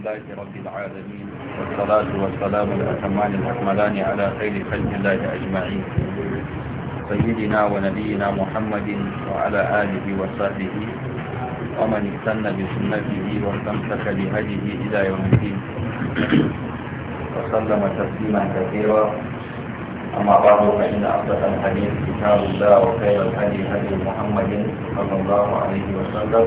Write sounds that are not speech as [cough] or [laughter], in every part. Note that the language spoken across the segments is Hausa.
لله رب العالمين والصلاة والسلام الأتمان الأكملان على خير خلق الله أجمعين سيدنا ونبينا محمد وعلى آله وصحبه ومن اهتم بسنته واستمسك بهديه إلى يوم الدين وسلم تسليما كثيرا أما بعد فإن أصدق الحديث كتاب الله وخير الهدي هدي محمد صلى الله عليه وسلم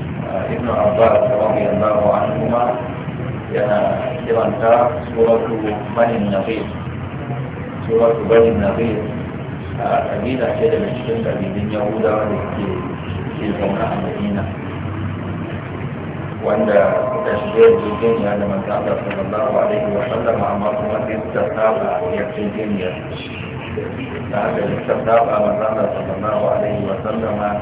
ابن عباس رضي الله عنهما يعني ترى سورة بني النقيب سورة بني النقيب أبينا آه، كده من الشمس من يهودا في الجمعة المدينة وأن تشجيع الدنيا يعني لما كان صلى الله عليه وسلم مع مرحبا في التسابع يكفي الجن هذا التسابع من كان صلى الله عليه وسلم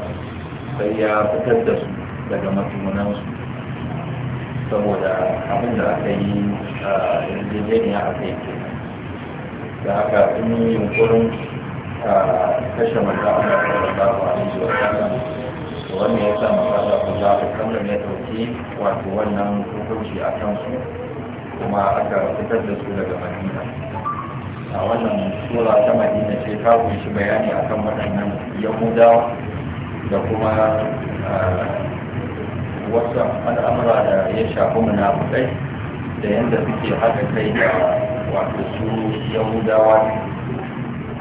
فهي تكدس daga wasu saboda abin da aka yi a yarjejeniya a kai ke da haka sun yi a kashe mutane da a wannan ya sa masala ku za ku kallon ya ɗauki wato wannan hukunci a kansu kuma aka fitar da su daga madina a wannan sura ta madina ce ta kunshi bayani akan waɗannan yahudawa da kuma wasu al'amura da ya shafi munafukai da yadda suke haka kai da wato su yahudawa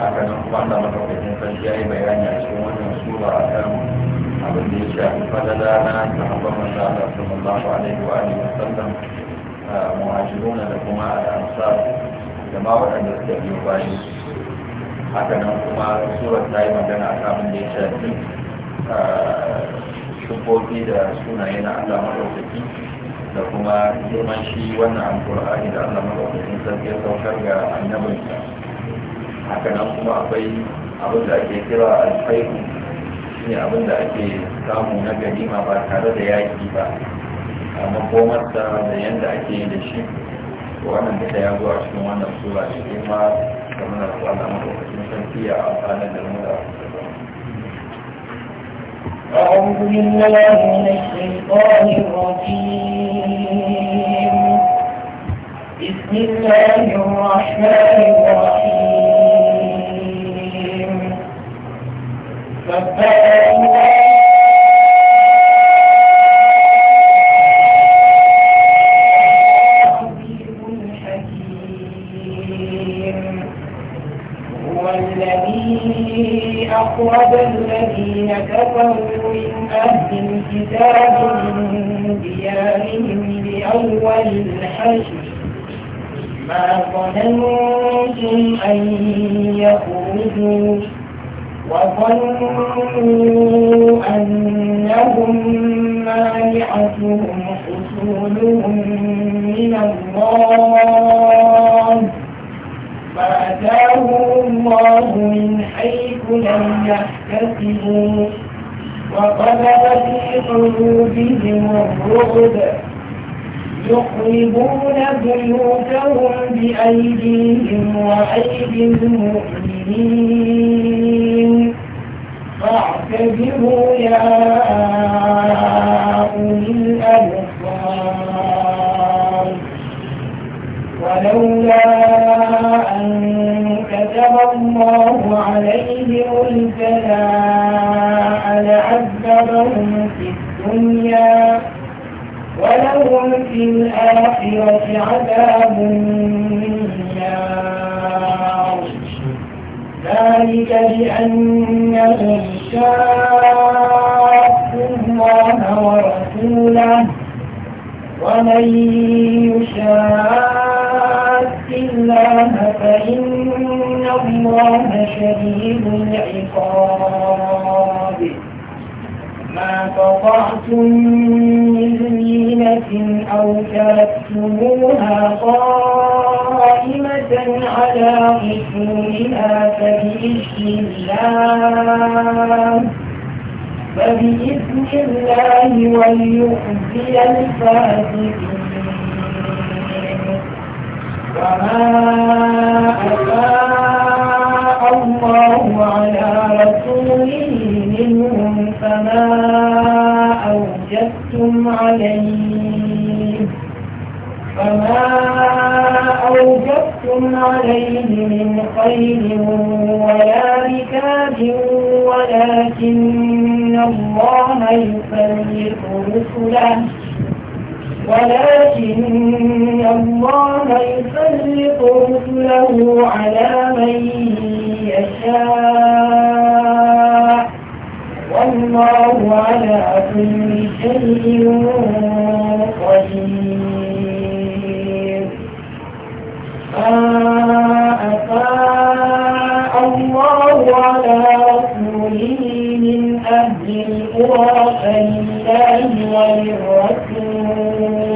haka nan kuma Allah madaukakin sarki ya yi bayani a cikin wannan sura a kan abin da ya shafi fadada na sahabban manzo Allah sallallahu alaihi wa alihi wasallam muhajiruna da kuma al da ma waɗanda suka biyo bayan haka nan kuma surar ta yi magana a kan da ya shafi sufofi da sunaye na Allah madaukaki da kuma girman shi wannan alƙur'ani da Allah madaukakin sarki ya saukar ga annabinsa haka nan kuma akwai abin da ake kira shi ne abin da ake samu na ganima ba tare da yaki ba a makomarsa da yadda ake yi da shi wannan da ya zo a cikin wannan sura shi ma kamar Allah madaukakin sarki a amfana da mu da أعوذ بالله من الشيطان الرجيم بسم الله الرحمن الرحيم سبح الله الذي أخرج الذين كفروا أهل الكتاب من ديارهم لأول الحشر ما ظننتم أن يخرجوا وظنوا أنهم مانعتهم حصولهم من الله فأتاهم الله من حيث لم يحتسبوا وطلب في قلوبهم الرعب يخربون بيوتهم بأيديهم وأيدي المؤمنين فاعتبروا يا أولي الأبصار ولولا أن كتب الله عليهم الكلام الدنيا ولهم في الآخرة عذاب النار ذلك بأنهم شاقوا الله ورسوله ومن يشاق الله فإن الله شديد العقاب قطعتم من زينة أو تركتموها قائمة على أصولها فبإذن الله فبإذن الله وليخزي الفاسقين وما أفاق الله على رسوله منهم فما أوجدتم عليه فما أوجدتم عليه من خير ولا ركاب ولكن الله يفرق رسله ولكن الله يفرق رسله على من يشاء والله على كل شيء قدير ما أفاء الله على من أهل القرى فلله وللرسول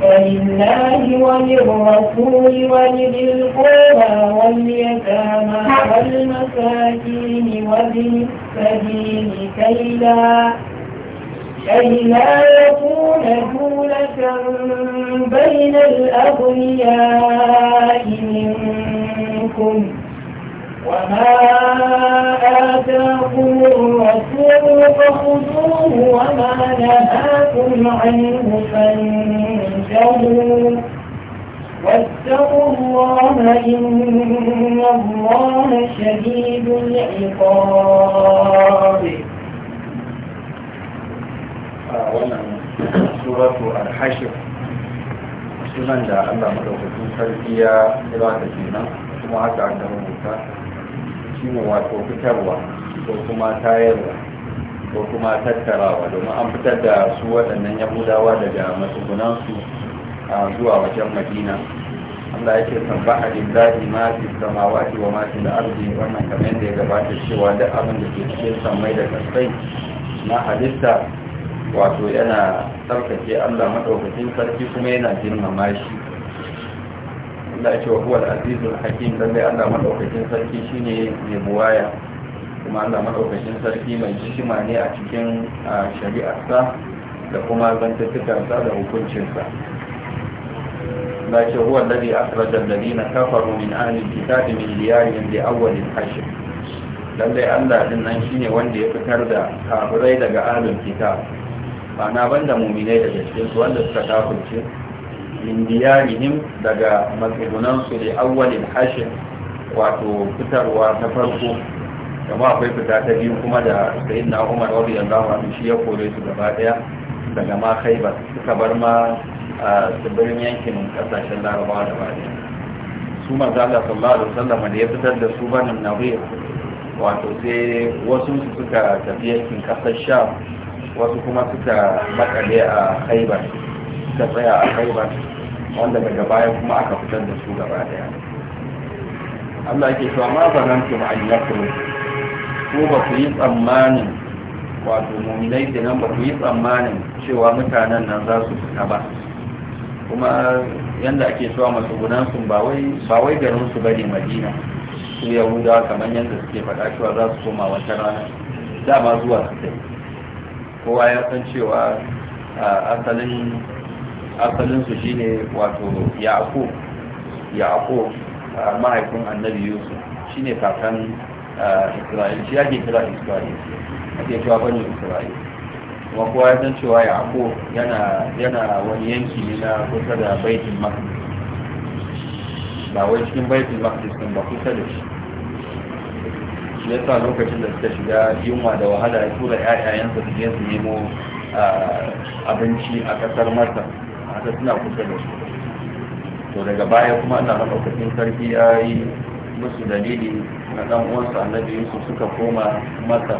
فلله وللرسول ولذي القربى واليتامى نعم. والمساكين وابن السبيل كي لا كي لا يكون دولة بين الأغنياء منكم وما آتاكم الرسول فخذوه وما نهاكم عنه فانتهوا واتقوا الله إن الله شديد العقاب آه، سورة الحشر sunan da Allah madaukakin sarki ya ثم da kenan kuma ne wato fitarwa ko kuma tayarwa ko kuma tattarawa domin an fitar da su waɗannan yahudawa daga matsugunansu a zuwa wajen madina Allah ya ce san ba a lillahi ma fi samawati wa ma fi wannan kamar yadda ya gabata cewa da abin da ke cikin samai da kasai na halitta wato yana tsarkake Allah madaukakin sarki kuma yana girmama shi Allah ya ce wa huwa al-azizul hakim dan dai Allah madaukakin sarki shine ne buwaya kuma Allah madaukakin sarki mai hikima ne a cikin shari'arsa da kuma zantattukansa da hukuncinsa لكن هو الذي أخرج الذين كفروا من أهل الكتاب من ديارهم لأول الحشر lallai Allah din nan shine wanda ya fitar da kafirai daga ahlul kitab ba na banda mu'minai daga cikin su wanda suka kafirce min diyarihim daga matsugunansu da awwalin hashin wato fitarwa ta farko kuma akwai fita ta biyu kuma da sayin na umar wadda yanzu amma shi ya kore su gaba daya daga ma khaibar suka bar ma tsibirin yankin kasashen larabawa da bada su manzo Allah sallallahu alaihi wasallam da ya fitar da su banin nawir wato sai wasu suka tafi yankin kasar sham wasu kuma suka makale a khaibar suka tsaya a khaibar wanda daga baya kuma aka fitar da su gaba daya Allah ke cewa ma zanantu ma yakru ko ba ku yi tsammanin wato muminai nan ba ku yi tsammanin cewa mutanen nan za su fita ba kuma yanda ake cewa masu sun ba wai garin su bane madina su Yahuda kamar yadda suke faɗa cewa za su koma wata rana dama zuwa su kowa ya san cewa asalin asalinsu shi ne wato yaƙo yaƙo mahaifin annabi yusuf shi ne kakan isra'il shi ake kira isra'il ake cewa bani isra'il kuma kowa ya san cewa yaƙo yana wani yanki ne na kusa da baitin makon ba wai cikin baitin maqdis kan ba kusa da shi shi yasa lokacin da suka shiga yunwa da wahala ya tura ƴaƴayensa su je su nemo abinci a ƙasar masar haka suna kusa da su to daga baya kuma ana maɗaukakin sarki ya yi musu dalili na ɗan uwansu annabi yusuf suka koma masa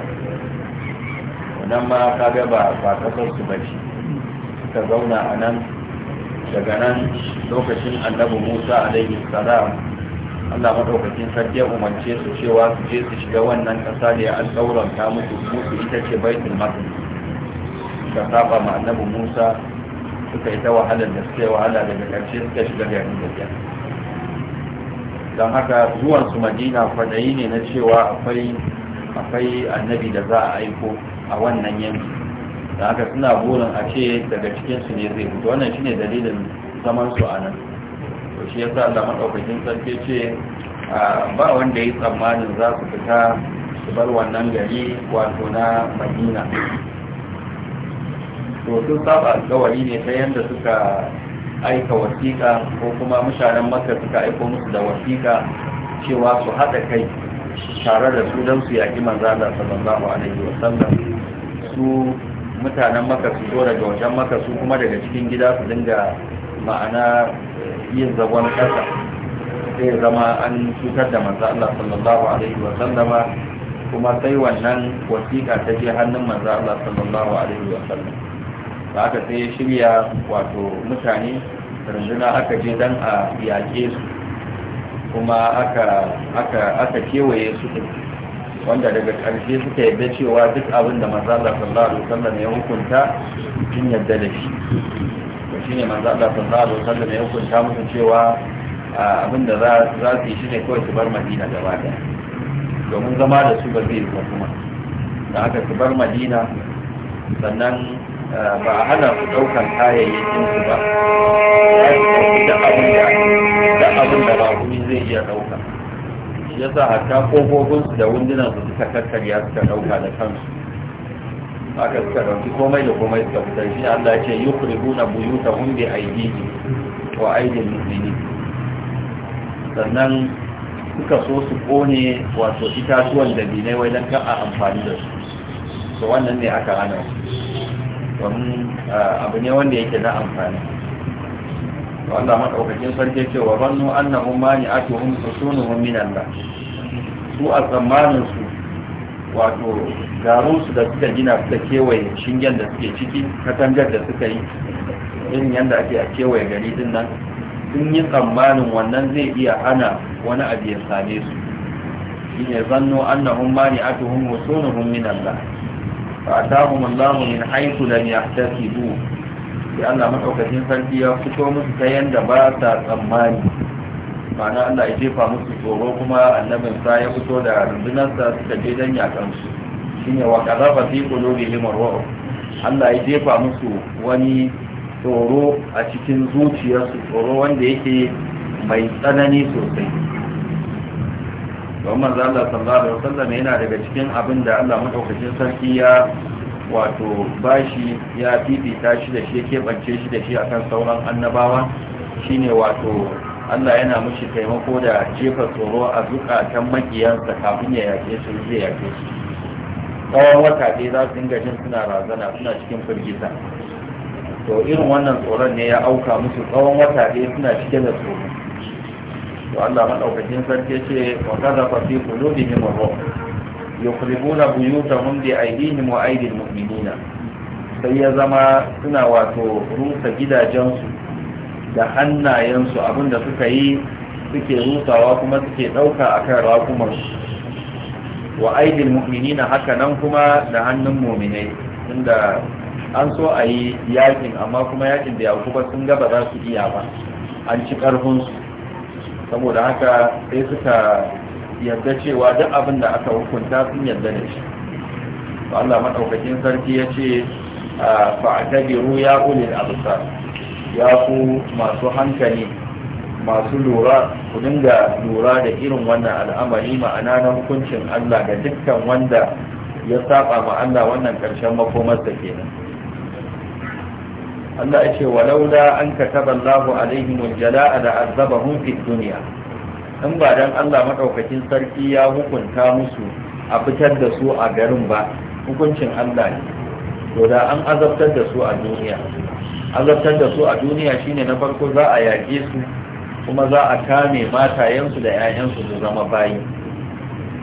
wannan ma ka ba ba kasar su ba shi. suka zauna a nan daga nan lokacin annabi musa alaihi salam Allah madaukakin sarki ya umarce su cewa su je su shiga wannan kasa da ya ta musu musu ita ce baitul maqdis ka saba ma annabi musa suka yi ta wahalar da suke wahala daga karshe suka shiga da garin gajiya don haka zuwansu madina kwadayi ne na cewa akwai akwai annabi da za a aiko a wannan yanki da haka suna burin a ce daga cikinsu ne zai fito wannan shine dalilin zaman a nan to shi yasa Allah madaukakin sarki ce ba wanda yi tsammanin za su fita su bar wannan gari wato na Madina to sun saba alkawari ne ta yadda suka aika wasiƙa ko kuma mutanen maka suka aiko musu da wasiƙa cewa su haɗa kai tare da su don su yaƙi manzana sallallahu alaihi wa sallam su mutanen maka su zo daga wajen maka su kuma daga cikin gida su dinga ma'ana yin zagon ƙasa sai zama an cutar da manzo Allah sallallahu alaihi wa sallama kuma sai wannan wasiƙa ta je hannun manzo Allah sallallahu alaihi wa sallam ba haka sai shirya wato mutane rundunar aka je dan a yaƙe su kuma aka kewaye su wanda daga ƙarshe suka yadda cewa duk abin da manzala sallallahu alaihi wasallam ya hukunta sun yadda da shi to shine manzala sallallahu alaihi wasallam ya hukunta musu cewa abin da za su yi shine kawai su bar madina gaba ɗaya domin zama da su ba zai yi kuma da aka su bar madina sannan ba a hana ku ɗaukan kayayyakin su ba ya da abin da da abin da zai iya ɗauka shi ya sa hatta su da wundunan su suka kakkarya suka ɗauka da kansu aka suka ɗauki komai da komai suka fitar shi Allah ce yi kuribuna buyuta hun bi aidiji wa aidin musulmi sannan suka so su kone wato itatuwan da binai wai don kan a amfani da su to wannan ne aka hana su domin ah, abu ne wanda yake na amfani wanda maɗaukakin sarki ce wa bannu annahum mani atuhum husunuhum min Allah su a tsammanin su wato garo su da suka gina suka kewaye shingen da suke ciki katangar da suka yi irin yadda ake a kewaye gari din nan sun yi tsammanin wannan zai iya hana wani abu ya same su Shi ne zanno annahu mani atuhum husunuhum min Allah فأتاهم الله من حيث لم يحتسبوا لأن مدعوكتين فالتي يفتو مستيان دباسة أماني معنى أن إجيفا مستوروكما النبي مسايا فتو دا ربنسا ستجيدا يعتمسو شيني وكذا في قلوبهم الرؤو Allah ya jefa musu wani tsoro a cikin zuciyarsu tsoro wanda yake mai tsanani sosai don manzo Allah sallallahu alaihi wasallam yana daga cikin abin da Allah madaukakin sarki ya wato bashi ya fifita shi da shi ya keɓance shi da shi akan sauran annabawa shine wato Allah yana mushi taimako da jefa tsoro a zukatan makiyansa kafin ya yake su zai yake su tsawon wata dai za su dinga jin suna razana suna cikin firgita to irin wannan tsoron ne ya auka musu tsawon wata dai suna cike da tsoro to Allah madaukakin sarki ce wa kadhafa fi qulubihim ar yukhribuna buyutahum bi aydihim wa aydil mu'minina sai ya zama suna wato rusa gidajensu da hannayensu abinda suka yi suke rusawa kuma suke dauka akan kan wa aidil mu'minina haka nan kuma da hannun mu'minai inda an so a yi yakin amma kuma yakin da yakuba sun gaba za su iya ba an ci karfin su saboda haka sai suka yadda cewa duk abin da aka hukunta sun yarda da shi Allah madaukakin sarki ya ce fa'tabiru ya ulil absar ya ku masu hankali masu lura ku dinga lura da irin wannan al'amari ma'ana na hukuncin Allah ga dukkan wanda ya saba ma Allah wannan karshen da kenan Allah ya ce walaula an kataba Allahu alaihim aljala'a da azabahum fid dunya in ba dan Allah madaukakin sarki ya hukunta musu a fitar da su a garin ba hukuncin Allah ne to da an azabtar da su a duniya azabtar da su a duniya shine na farko za a yaƙe su kuma za a kame matayensu da 'ya'yansu su zama bayi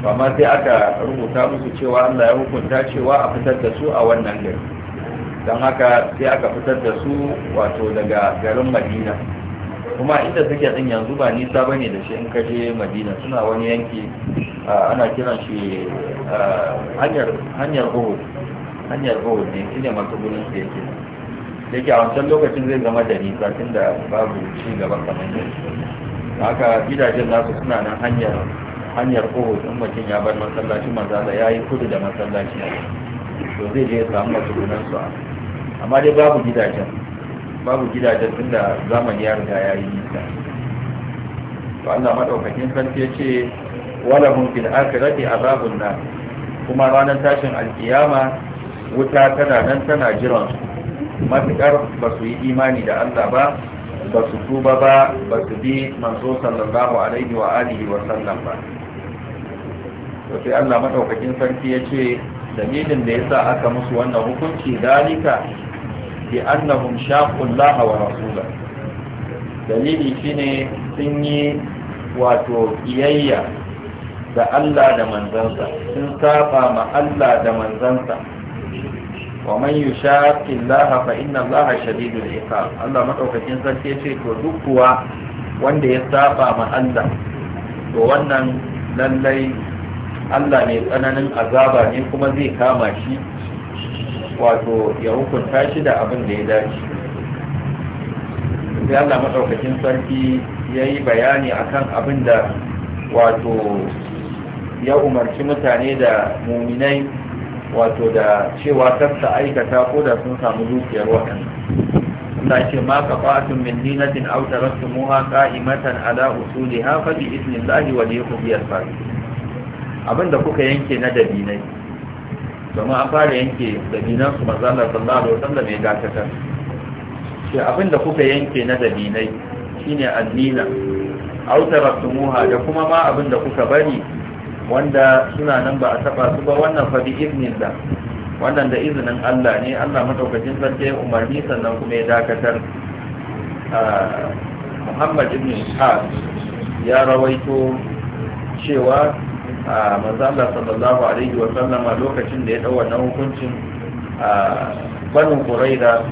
amma sai aka rubuta musu cewa Allah ya hukunta cewa a fitar da su a wannan gari don haka sai aka fitar da su wato daga garin madina kuma inda suke din yanzu ba nisa ba ne da shi in ka je madina suna wani yanki ana kiran shi hanyar uhud hanyar uhud ne shi ne masu gudun su yake da ke a wancan lokacin zai zama da nisa tun da babu ci gaba kamar yanzu haka gidajen nasu suna nan hanyar hanyar uhud in mutum ya bar masallaci da ya yi kudu da masallaci to zai je ya samu masu gudun su a amma dai babu gidajen babu gidajen da zamani ya riga ya yi nisa to Allah madaukakin sarki ya ce wala hum fil akhirati azabun na kuma ranar tashin alkiyama wuta tana nan tana jiran su matukar ba su yi imani da Allah ba ba su tuba ba ba su bi manzo sallallahu alaihi wa alihi wa sallam ba to sai Allah madaukakin sarki ya ce dalilin da yasa aka musu wannan hukunci dalika bi annahum shaqullaha wa rasulahu dalili shine sun yi wato iyayya da Allah da manzansa sun saba ma Allah da manzansa wa man yushaqi Allah fa inna Allah shadidul iqab Allah madaukakin sarki yace to duk kuwa wanda ya saba ma Allah to wannan lallai Allah ne tsananin azaba ne kuma zai kama shi wato ya hukunta shi da abin da ya dace sai Allah madaukakin sarki ya yi bayani akan abin da wato ya umarci mutane da muminai wato da cewa kasta aikata ko da sun samu dukiyar waɗanda Allah ce ma qafatun min dinatin aw taraktumuha qa'imatan ala usuliha fa bi idnillahi wa li yuqdi abinda kuka yanke na dabinai domin an fara yanke dabinansu manzana da wasan da mai dakatar shi abinda kuka yanke na dabinai shine addina, autara sumuha da kuma ma abinda kuka bari wanda suna nan ba a taba su ba wannan fa bi da wannan da izinin Allah ne Allah madaukakin sarki umarni sannan kuma ya dakatar Muhammad ibn Ishaq ya rawaito cewa manzala sallallahu alaihi a lokacin da ya dau na hukuncin banu quraida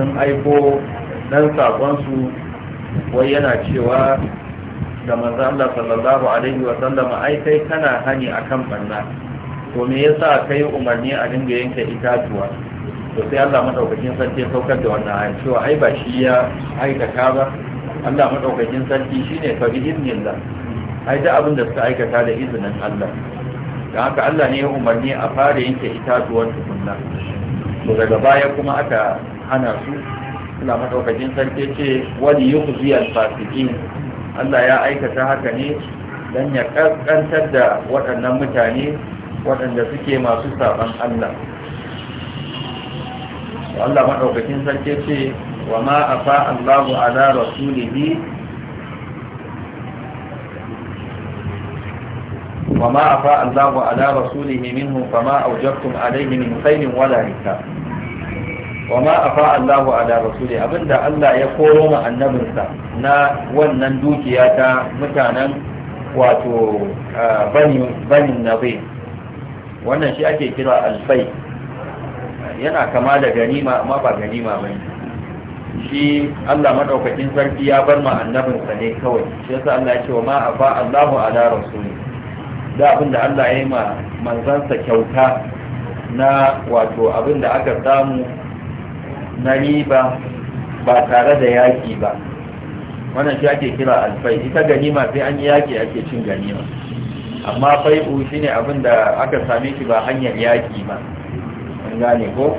sun aiko dan sakon su wai yana cewa da manzala sallallahu alaihi wasallam ai kai kana hani akan banna to me yasa kai umarni a dinga yanke itatuwa to sai Allah madaukakin sarki ya saukar da wannan ayi cewa ai ba shi ya aikata ba Allah madaukakin sarki shine fa bi idnillah ai da abin da suka aikata da izinin Allah da haka Allah ne ya umarni a fara yanke itatuwar tukunna to daga baya kuma aka hana su suna madaukakin sarki ce wani yuhzi al-fasiqin Allah ya aikata haka ne dan ya kaskantar da waɗannan mutane waɗanda suke masu saban Allah Allah maɗaukakin sarki ce wa ma afa Allahu ala rasulihi وما أفاء الله على رسوله منهم فما أوجبتم عليه من خير ولا ركاب وما أفاء الله على رسوله أبدا ألا يقولون عن نبنسا نا ونن دوكياتا متانا واتو بني, بني النظيم wannan shi ake kira alfai yana kama da ganima amma ba ganima shi Allah madaukakin sarki ya bar ma ne kawai shi yasa Allah ya ce wa ma afa Allahu ala rasuli da abin da Allah ya yi ma manzansa kyauta na wato abin da aka samu na riba ba tare da yaƙi ba wannan shi ake kira alfai ita ganima sai an yi yaƙi ake cin ganima amma fai'u shi ne abin da aka same shi ba hanyar yaƙi ba an gane ko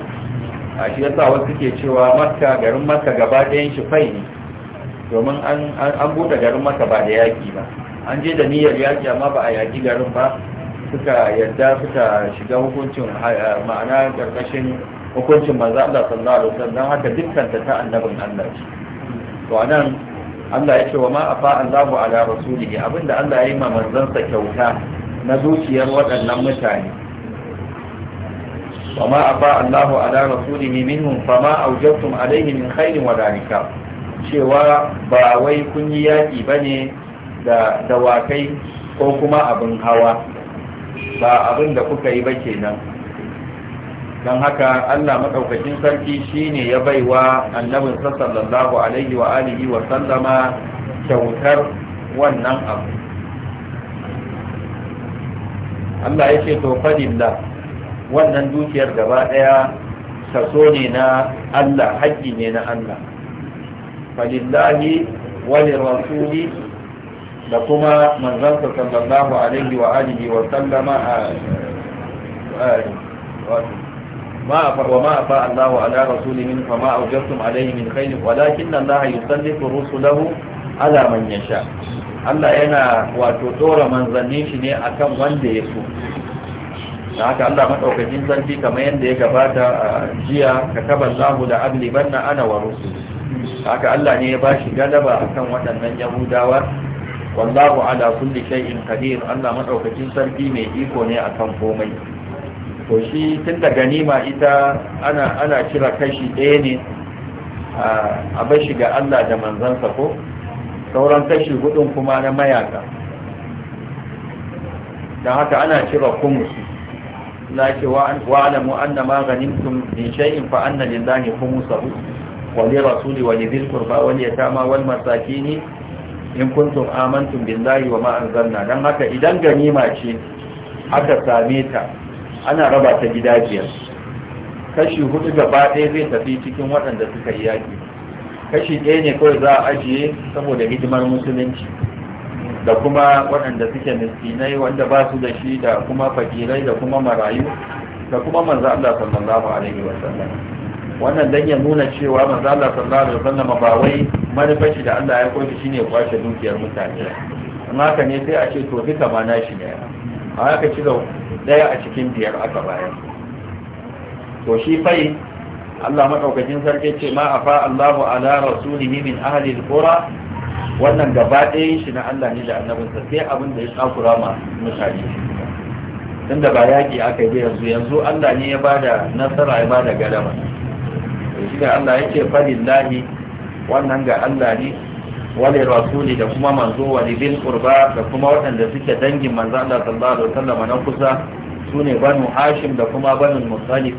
a shi yasa wasu ke cewa maka garin maka gaba ɗayan shi fai ne domin an buɗe garin maka ba da yaƙi ba an je da niyyar yaƙi amma ba a yaƙi garin ba suka yarda suka shiga hukuncin eh, ma'ana ƙarƙashin hukuncin manzo Allah sallallahu alaihi wasallam haka dukkan ta annabin Allah ce to anan Allah ya ce wa ma afa Allahu ala rasulihi abinda Allah ya yi ma sa kyauta na zuciyar waɗannan mutane wa ma afa Allahu ala rasulihi minhum fama awjabtum alaihi min khairin wa cewa ba wai kun yi yaƙi bane da dawakai ko kuma abin hawa ba abin da kuka yi ba kenan don haka Allah maɗaukakin sarki shine ya baiwa annabin sallallahu alaihi wa alihi wa sallama kyautar wannan abu Allah ya ce to fadillah wannan dukiyar gaba ɗaya saso ne na Allah haƙƙi ne na Allah falillahi wani rasuli da kuma manzansa sallallahu alaihi wa alihi wa sallama a وما أفاء الله على رسوله فما أوجبتم عليه من خير ولكن الله يسلط رسله على من يشاء Allah yana wato tsora manzannin shi ne akan wanda ya so da haka Allah maɗaukakin sarki kamar yadda ya gabata a jiya ka tabar lahu da agliban na ana wa rusu haka Allah ne ya bashi galaba akan waɗannan yahudawa wallahu ala kulli shay'in qadir Allah madaukakin sarki mai iko ne akan komai to shi tun da ganima ita ana ana kira kashi ɗaya ne a bar shi ga Allah da manzansa ko sauran kashi hudun kuma na mayaka Dan haka ana kira kumusi la ce wa alamu anna ma ganimtum min shay'in fa anna lillahi khumsahu wa li rasuli wa li dhil qurba wal yatama wal masakin in kuntum amantum billahi wa ma anzalna dan haka idan ganima ce aka same ta ana raba ta gida biyar kashi hudu gaba ɗaya zai tafi cikin waɗanda suka yi yaƙi kashi ɗaya ne kawai za a ajiye saboda hidimar musulunci da kuma waɗanda suke miskinai wanda ba su da shi da kuma fakirai da kuma marayu da kuma manzo Allah sallallahu alaihi sallam wannan dan ya nuna cewa manzo Allah sallallahu alaihi sallam ba wai manufar da Allah ya koyi shine ne kwace dukiyar mutane in haka ne sai a ce to duka ma nashi ne a haka ci daya a cikin biyar aka baya. to shi fai Allah madaukakin sarki ce ma afa Allahu ala rasulihi min ahli al-qura wannan gaba ɗayan shi na Allah ne da sa, sai abin da ya tsakura ma mutane tunda ba yaki aka yi yanzu yanzu Allah ne ya bada nasara ya bada galama shi da Allah yake lahi. wannan ga Allah ne wale rasuli da kuma manzo wale bil qurba da kuma waɗanda suke dangin manzo Allah sallallahu alaihi wasallam na kusa sune banu hashim da kuma banu musalif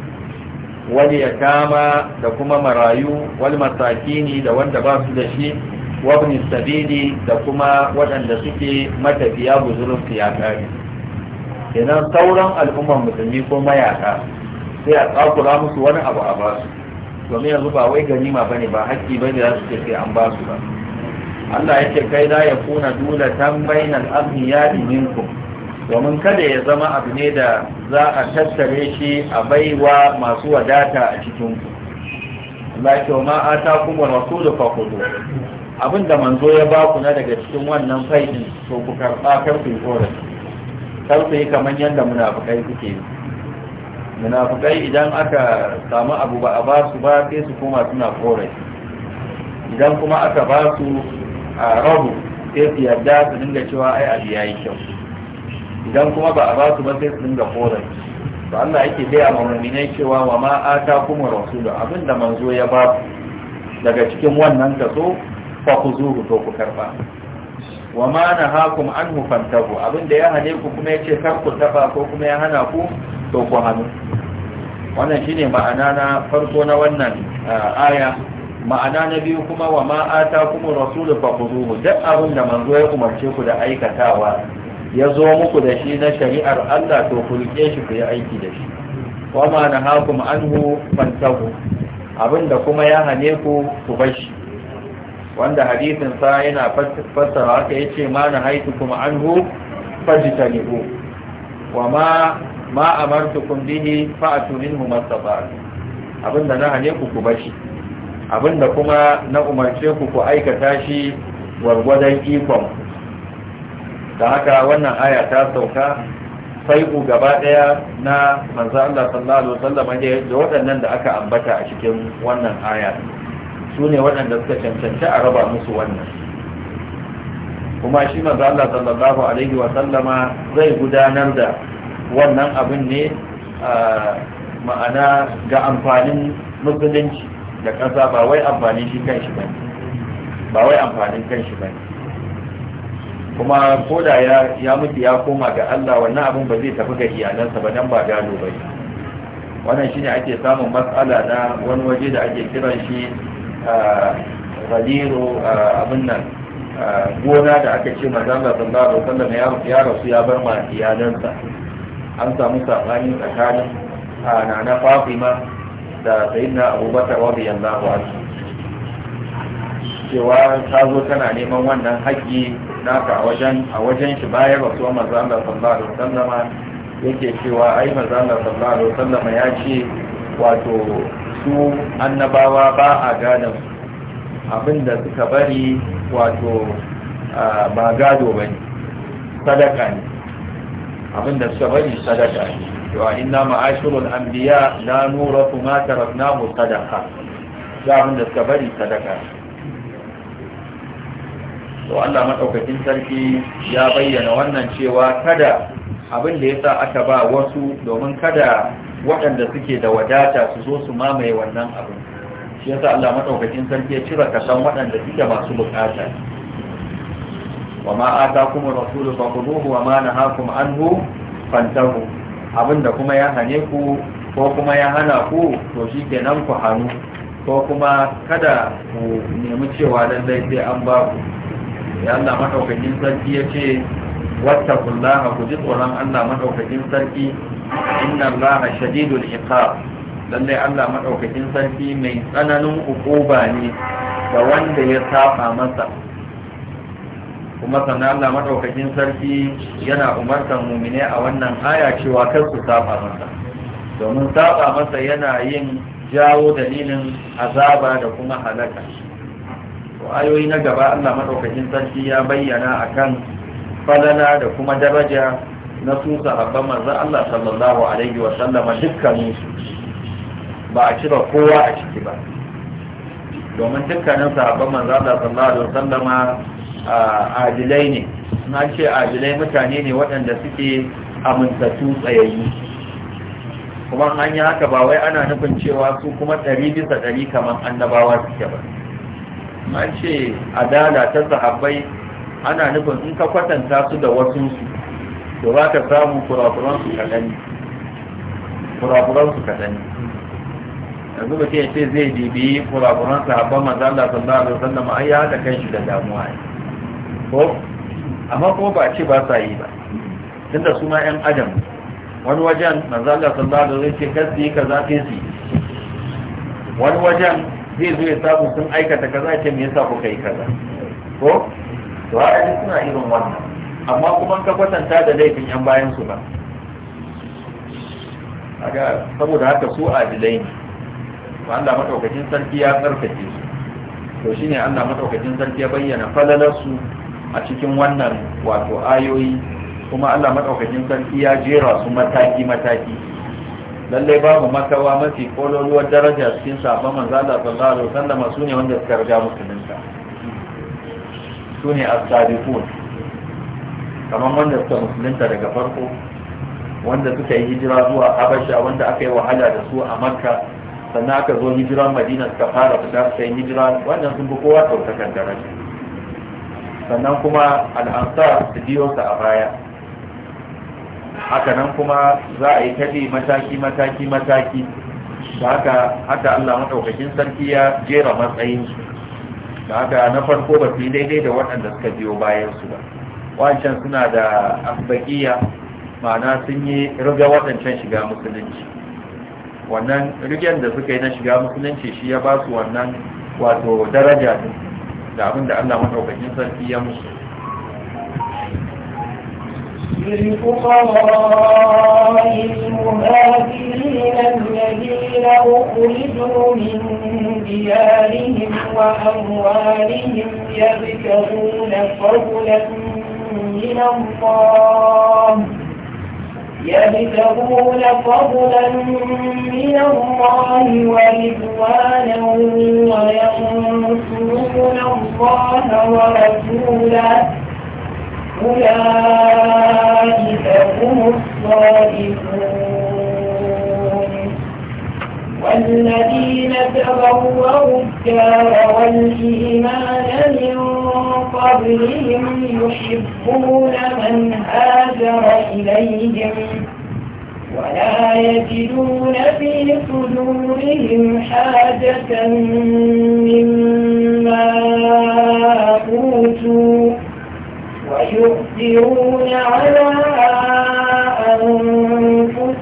wale yatama da kuma marayu wal masakini da wanda ba su da shi wa ibn sabili da kuma waɗanda suke matafiya buzurin siyasa Idan sauran al'ummar musulmi ko mayaka sai a tsakura musu wani abu a basu domin yanzu ba wai ganima bane ba haƙƙi bane za su ce sai an ba su ba Allah ya ce kai da ya kuna dula tan bainal abniyati minkum domin kada ya zama abu ne da za a tattare shi a baiwa masu wadata a cikin ku Allah ya ce ma atakum rasulu faqudu abin da manzo ya ba ku na daga cikin wannan faidin to ku karɓa karfin ku kar su yi kamar yadda munafukai kuke yi munafukai idan aka samu abu ba a ba su ba sai su koma suna korai idan kuma aka ba su a rabu sai su yarda su dinga cewa ai abu yayi kyau idan kuma ba a ba su ba sai su dinga korai to Allah yake a ma mu'minai cewa wa ma kuma rasulu abinda manzo ya ba ku daga cikin wannan so fa ku to ku karba wa ma nahakum anhu fantahu abinda ya hane ku kuma yace kar ku taba ko kuma ya hana ku doko hannu wannan shine ma'ana na farko na wannan eh, aya ma'ana na biyu kuma wa ma atakum rasulu fakhuduhu duk abin da manzo ya umarce ku da aikatawa ya zo muku da shi na shari'ar Allah to ku rike shi ku yi aiki da shi wa ma nahakum anhu fantahu abin da kuma ya hane ku ku bar shi wanda hadisin sa yana fassara haka yace ma na kuma anhu fajtanibu wa ma ma amartukum bihi fa'atu minhu mastata'tu abinda na hane ku ku bashi abinda kuma na umarce ku ku aikata shi gwargwadon ikon da haka wannan aya ta sauka sai ku gaba daya na manzo Allah sallallahu alaihi wasallam da waɗannan da aka ambata a cikin wannan aya su ne waɗanda suka cancanci a raba musu wannan kuma shi manzo Allah sallallahu alaihi wa sallama zai gudanar da wannan abin ne ma'ana ga amfanin musulunci da ƙasa ba wai amfanin shi kan shi bane ba wai amfanin kan shi bane kuma ko da ya mutu ya koma ga Allah wannan abin ba zai tafi ga iyalansa ba dan ba gado ba wannan shine ake samun matsala na wani waje da ake kiran shi Zaliru abin nan gona da aka ce manzon Allah sallallahu alaihi wasallam ya rasu ya bar ma iyalansa an samu sabani tsakanin nana fatima da sayyidina abubakar radiyallahu su cewa ta zo tana neman wannan haƙƙi naka a wajen a wajen shi bayan rasuwar manzo Allah sallallahu alaihi sallama yake cewa ai manzo Allah sallah da wasallama ya ce wato su annabawa ba a gadon abinda suka bari wato ba gado ba ne sadaka ne abinda suka bari sadaka wa inna ma'ashirul anbiya la nura kuma mu sadaka da abinda suka bari sadaka to Allah madaukakin sarki ya bayyana wannan cewa kada abin da yasa aka ba wasu domin kada waɗanda suke da wadata su zo su mamaye wannan abin shi yasa Allah madaukakin sarki ya cire kasan waɗanda suke masu bukata wa آتاكم wa فخذوه وما نهاكم anhu? فانتهوا abinda kuma ya hane ku ko kuma ya hana ku to nan ku hannu ko kuma kada ku nemi cewa lallai sai an ba ku ya Allah madaukakin sarki ya ce wattaqullaha ku ji tsoron Allah madaukakin sarki inna Allaha shadidul iqab lallai Allah madaukakin sarki mai tsananin ukuba ne ga wanda ya saba masa kuma sannan Allah madaukakin sarki yana umartar mumine a wannan aya cewa kar su saba masa domin saba masa yana yin jawo dalilin azaba da kuma halaka to ayoyi na gaba Allah madaukakin sarki ya bayyana akan falala da kuma daraja na su sahabban manzon Allah sallallahu alaihi wa sallama dukkanin su ba a cire kowa a ciki ba domin dukkanin sahabban manzon Allah sallallahu alaihi wa sallama adilai ne na ce adilai mutane ne waɗanda suke amintattu tsayayyu kuma an yi haka ba wai ana nufin cewa su kuma ɗari bisa ɗari kamar annabawa suke ba na ce adala ta sahabbai ana nufin in ka kwatanta su da wasu su da za ka samu kurakuransu kaɗan kurakuransu kaɗan yanzu ba ce zai dibi kurakuran sahabban manzo Allah sallallahu alaihi wasallam ai ya kai shi da damuwa ne ko amma kuma ba ce ba sa yi ba tun da su ma 'yan adam wani wajen na manzala sallallahu alaihi zai ce kasi kaza ke su wani wajen zai zo samu sun aikata kaza ce me yasa kuka yi kaza ko to har suna irin wannan amma kuma ka kwatanta da laifin 'yan bayan su ba aga saboda haka su adilai ne Allah madaukakin sarki ya tsarkake su to shine Allah madaukakin sarki ya bayyana falalar su a cikin wannan wato ayoyi kuma Allah madaukakin sarki ya jera su mataki mataki Lallai babu makawa mafi kololuwar daraja cikin sabon manzala sallallahu alaihi wasallam ne wanda suka riga musulunta sune as-sabiqun kamar wanda suka musulunta daga farko wanda suka yi hijira zuwa Habasha wanda aka yi wahala da su a Makka sannan aka zo hijira Madina suka fara fita sai yi hijira wannan sun fi kowa ɗaukakar daraja sannan kuma al'ansar su biyo su a baya haka nan kuma za a yi tafi mataki mataki mataki da haka haka Allah maɗaukakin sarki ya jera matsayin su da haka na farko ba su yi daidai da waɗanda suka biyo bayan su ba wancan suna da asbaƙiya ma'ana sun yi riga waɗancan shiga musulunci wannan rigen da suka yi na shiga musulunci shi ya ba su wannan wato daraja da abin da Allah madaukakin sarki ya musu للفقراء المهاجرين الذين أخرجوا من ديارهم وأموالهم يبتغون فضلا من الله يبتغون فضلا من الله ورضوانا وينصرون الله ورسوله أولئك هم الصادقون والذين تبوأوا الدار والإيمان من قبلهم يحبون من هاجر إليهم ولا يجدون في صدورهم حاجة مما أوتوا ويؤثرون على أنفسهم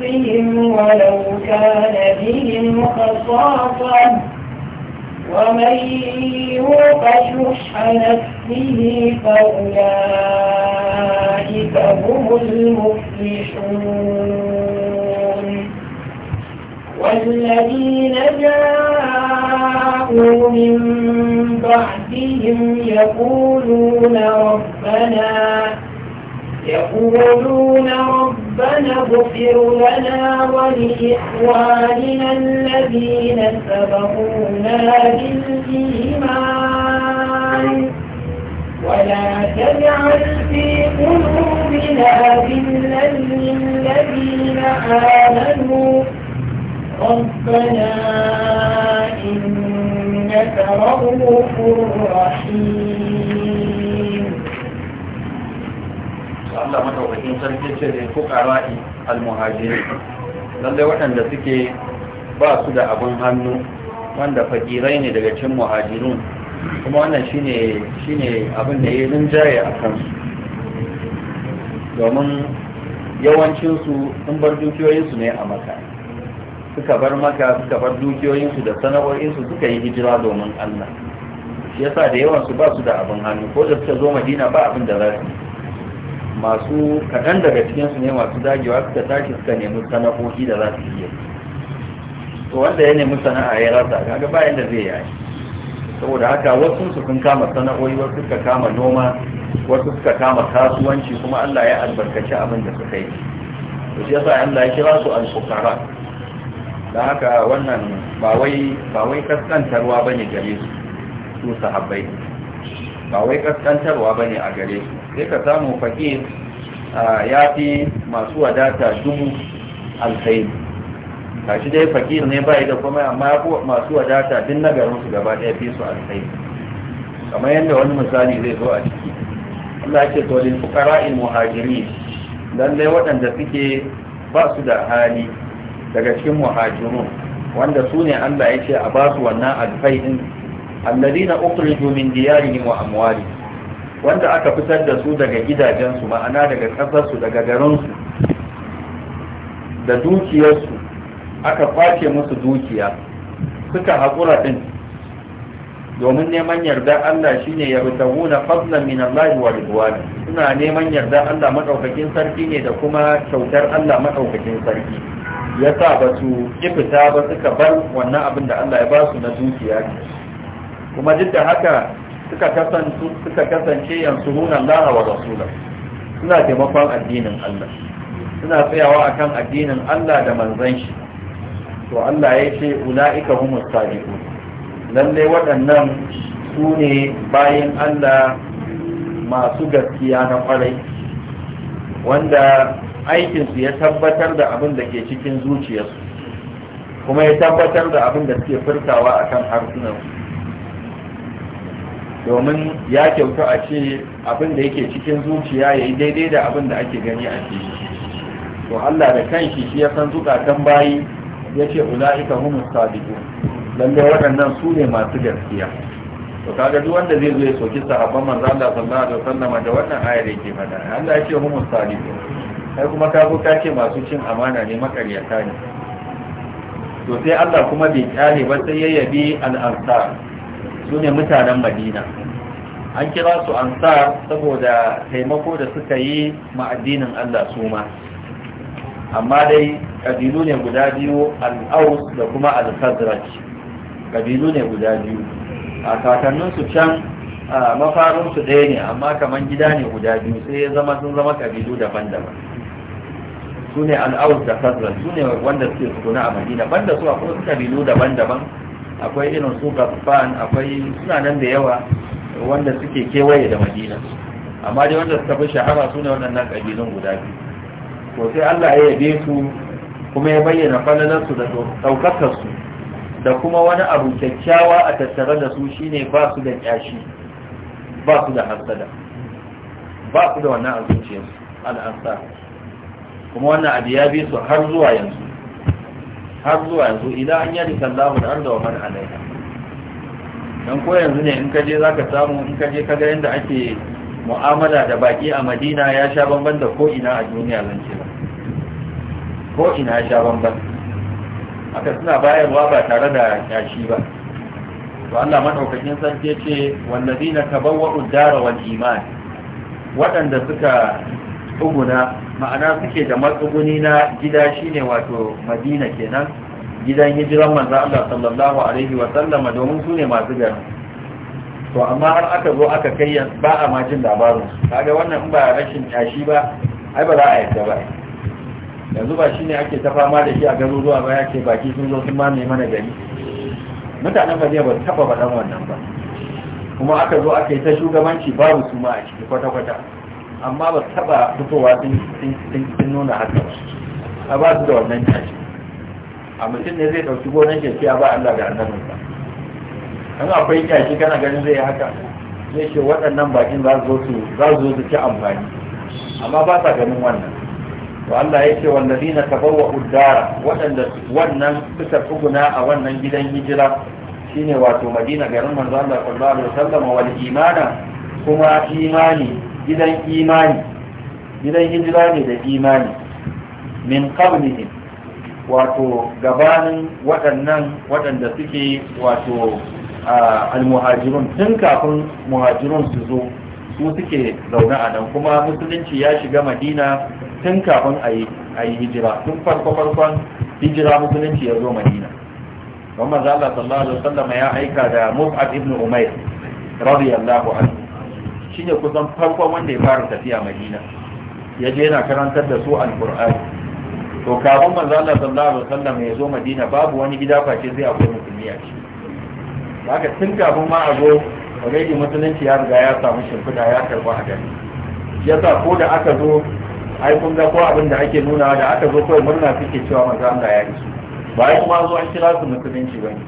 أنفسهم ولو كان بهم خصاصا ومن يوق شح نفسه فأولئك هم المفلحون والذين جاءوا من بعدهم يقولون ربنا يقولون ربنا ربنا اغفر لنا ولإخواننا الذين سبقونا بالإيمان ولا تجعل في قلوبنا غلا للذين آمنوا ربنا إنك رؤوف رحيم Allah madaukakin sarki ce da fuqara'i al-muhajirin lalle waɗanda suke ba su da abin hannu wanda fakirai ne daga cikin muhajirun kuma wannan shine shine abin da ya jaye a kansu domin yawancinsu sun bar dukiyoyinsu ne a maka suka bar maka suka bar dukiyoyinsu da sana'o'insu suka yi hijira domin Allah shi yasa da yawansu ba su da abin hannu ko da suka zo madina ba abin da za su masu kaɗan daga cikinsu ne masu dagewa suka tashi suka nemi sana'o'i da za su yi to wanda ya nemi sana'a ya rasa kaga bayan da zai yi saboda haka wasu su sun kama sana'o'i wasu suka kama noma wasu suka kama kasuwanci kuma Allah ya albarkaci abin da suka yi to shi yasa Allah ya kira su al-fuqara da haka wannan ba wai ba wai kaskantarwa bane gare su su sahabbai ba wai kaskantarwa ba ne a gare su sai ka samu fakir ya fi masu wadata dubu alkhairi kashi dai fakir ne bai da kuma amma masu wadata duk na garinsu gaba ɗaya fi su alkhairi kamar yadda wani misali zai zo a ciki Allah ya ce to lil fuqara'il muhajirin dan dai waɗanda suke ba su da hali daga cikin muhajirun wanda su ne Allah ya ce a ba su wannan alfai din alladina ukhriju min diyarihim wa amwalihim wanda aka fitar da su daga gidajen su, ma'ana daga su daga garinsu da dukiyarsu aka kwace musu dukiya suka hakura ɗin domin neman yarda Allah shine ya rutahuna fadlan min Allah wa ridwani suna neman yarda Allah madaukakin sarki ne da kuma kyautar Allah madaukakin sarki yasa ba su fita ba suka bar wannan abin da Allah ya ba su na dukiya kuma duk da haka suka kasance suka kasance yansuruna Allah wa rasulahu suna taimakon addinin Allah suna tsayawa akan addinin Allah da manzon shi to Allah ya ce ulaika humus sadiqun lalle waɗannan su ne bayan Allah masu gaskiya na kwarai wanda aikinsu ya tabbatar da abin da ke cikin zuciyarsu kuma ya tabbatar da abin da suke furtawa akan harsunansu domin ya kyautu a ce abin da yake cikin zuciya ya yi daidai da abin da ake gani a ce to Allah da kan shi ya san zukatan bayi ya ce ula'ika humus sadiku lalle waɗannan su ne masu gaskiya to kaga duk wanda zai zo ya soki sahabban manzo Allah sallallahu alaihi wasallam da wannan ayar yake fada Allah ya ce humus sadiku kai kuma ka ka ce masu cin amana ne makaryata ne to sai Allah kuma bai kyale ba sai ya yabi al-ansar su ne mutanen madina an kira su ansar saboda taimako da suka yi ma'addinin allah su ma amma dai ƙabilu ne guda biyu al'aus da kuma al-khazraj ƙabilu ne guda biyu a kakanninsu can mafarinsu ɗaya ne amma kamar gida ne guda biyu sai ya zama sun zama ƙabilu daban-daban su ne al'aus da khazraj su ne wanda suke tsuguna a madina banda su akwai ƙabilu daban-daban akwai irin su gaffan akwai suna nan da yawa wanda suke kewaye da madina amma dai wanda suka fi shahara su ne waɗannan ƙabilun guda biyu sai allah ya yabe su kuma ya bayyana falalarsu da ɗaukakarsu da kuma wani abu kyakkyawa a tattare da su shine ba su da ƙyashi ba su da hasada ba su da wannan azuciyarsu al'ansa kuma wannan abu ya bi su har zuwa yanzu har zuwa yanzu idan an yadi kallahu da an da wafan alaiha don ko yanzu ne in kaje za ka samu in kaje kaga yadda ake mu'amala da baki a madina ya sha bamban da ko'ina a duniya zan ce ko'ina ya sha bamban aka suna bayarwa ba tare da yashi ba to Allah madaukakin sarki yace wallazina tabawwa'u dara wal iman waɗanda suka tsuguna ma'ana suke da matsuguni na gida shine wato madina kenan gidan hijiran manzo Allah sallallahu alaihi wa sallama domin su ne masu garin to amma har aka zo aka kai ba a ma jin labarin kaga wannan in ba rashin yashi ba ai ba za a yarda ba yanzu ba shine ake ta fama da shi a garuruwa ba yake baki sun zo sun mamaye mana gari mutanen ba ba taba baɗan wannan ba kuma aka zo aka yi ta shugabanci babu su ma a ciki kwata-kwata amma ba taba fitowa sun nuna haka a ba su da wannan tashi a mutum ne zai ɗauki gonan shi a ba Allah da sa in akwai kyashi kana ganin zai haka zai ce waɗannan bakin za su zo su ci amfani amma ba sa ganin wannan to Allah ya ce wallazi ta tabarwa uddara waɗanda wannan suka tsuguna a wannan gidan hijira shine wato madina garin manzo Allah sallallahu alaihi wasallam wal imana kuma imani gidan imani gidan hijira ne da imani min qablihim wato gabanin waɗannan waɗanda suke wato almuhajirun tun kafin muhajirun su zo su suke zaune a nan kuma musulunci ya shiga madina tun kafin a yi hijira tun farko farkon hijira musulunci ya zo madina don maza Allah sallallahu alaihi wasallam ya aika da Mus'ab ibn Umair radiyallahu anhu ne kusan farkon wanda ya fara tafiya madina ya je yana karantar da su alkur'ani to kafin manzo Allah sallallahu alaihi wasallam ya zo madina babu wani gida face zai akwai musulmi a ciki haka tun kafin ma a zo already musulunci ya riga ya samu shimfiɗa ya karɓa a gani yasa ko da aka zo ai kun ga ko abin da ake nunawa da aka zo kawai murna suke cewa manzo Allah ya su ba ai kuma zo an kira su musulunci bane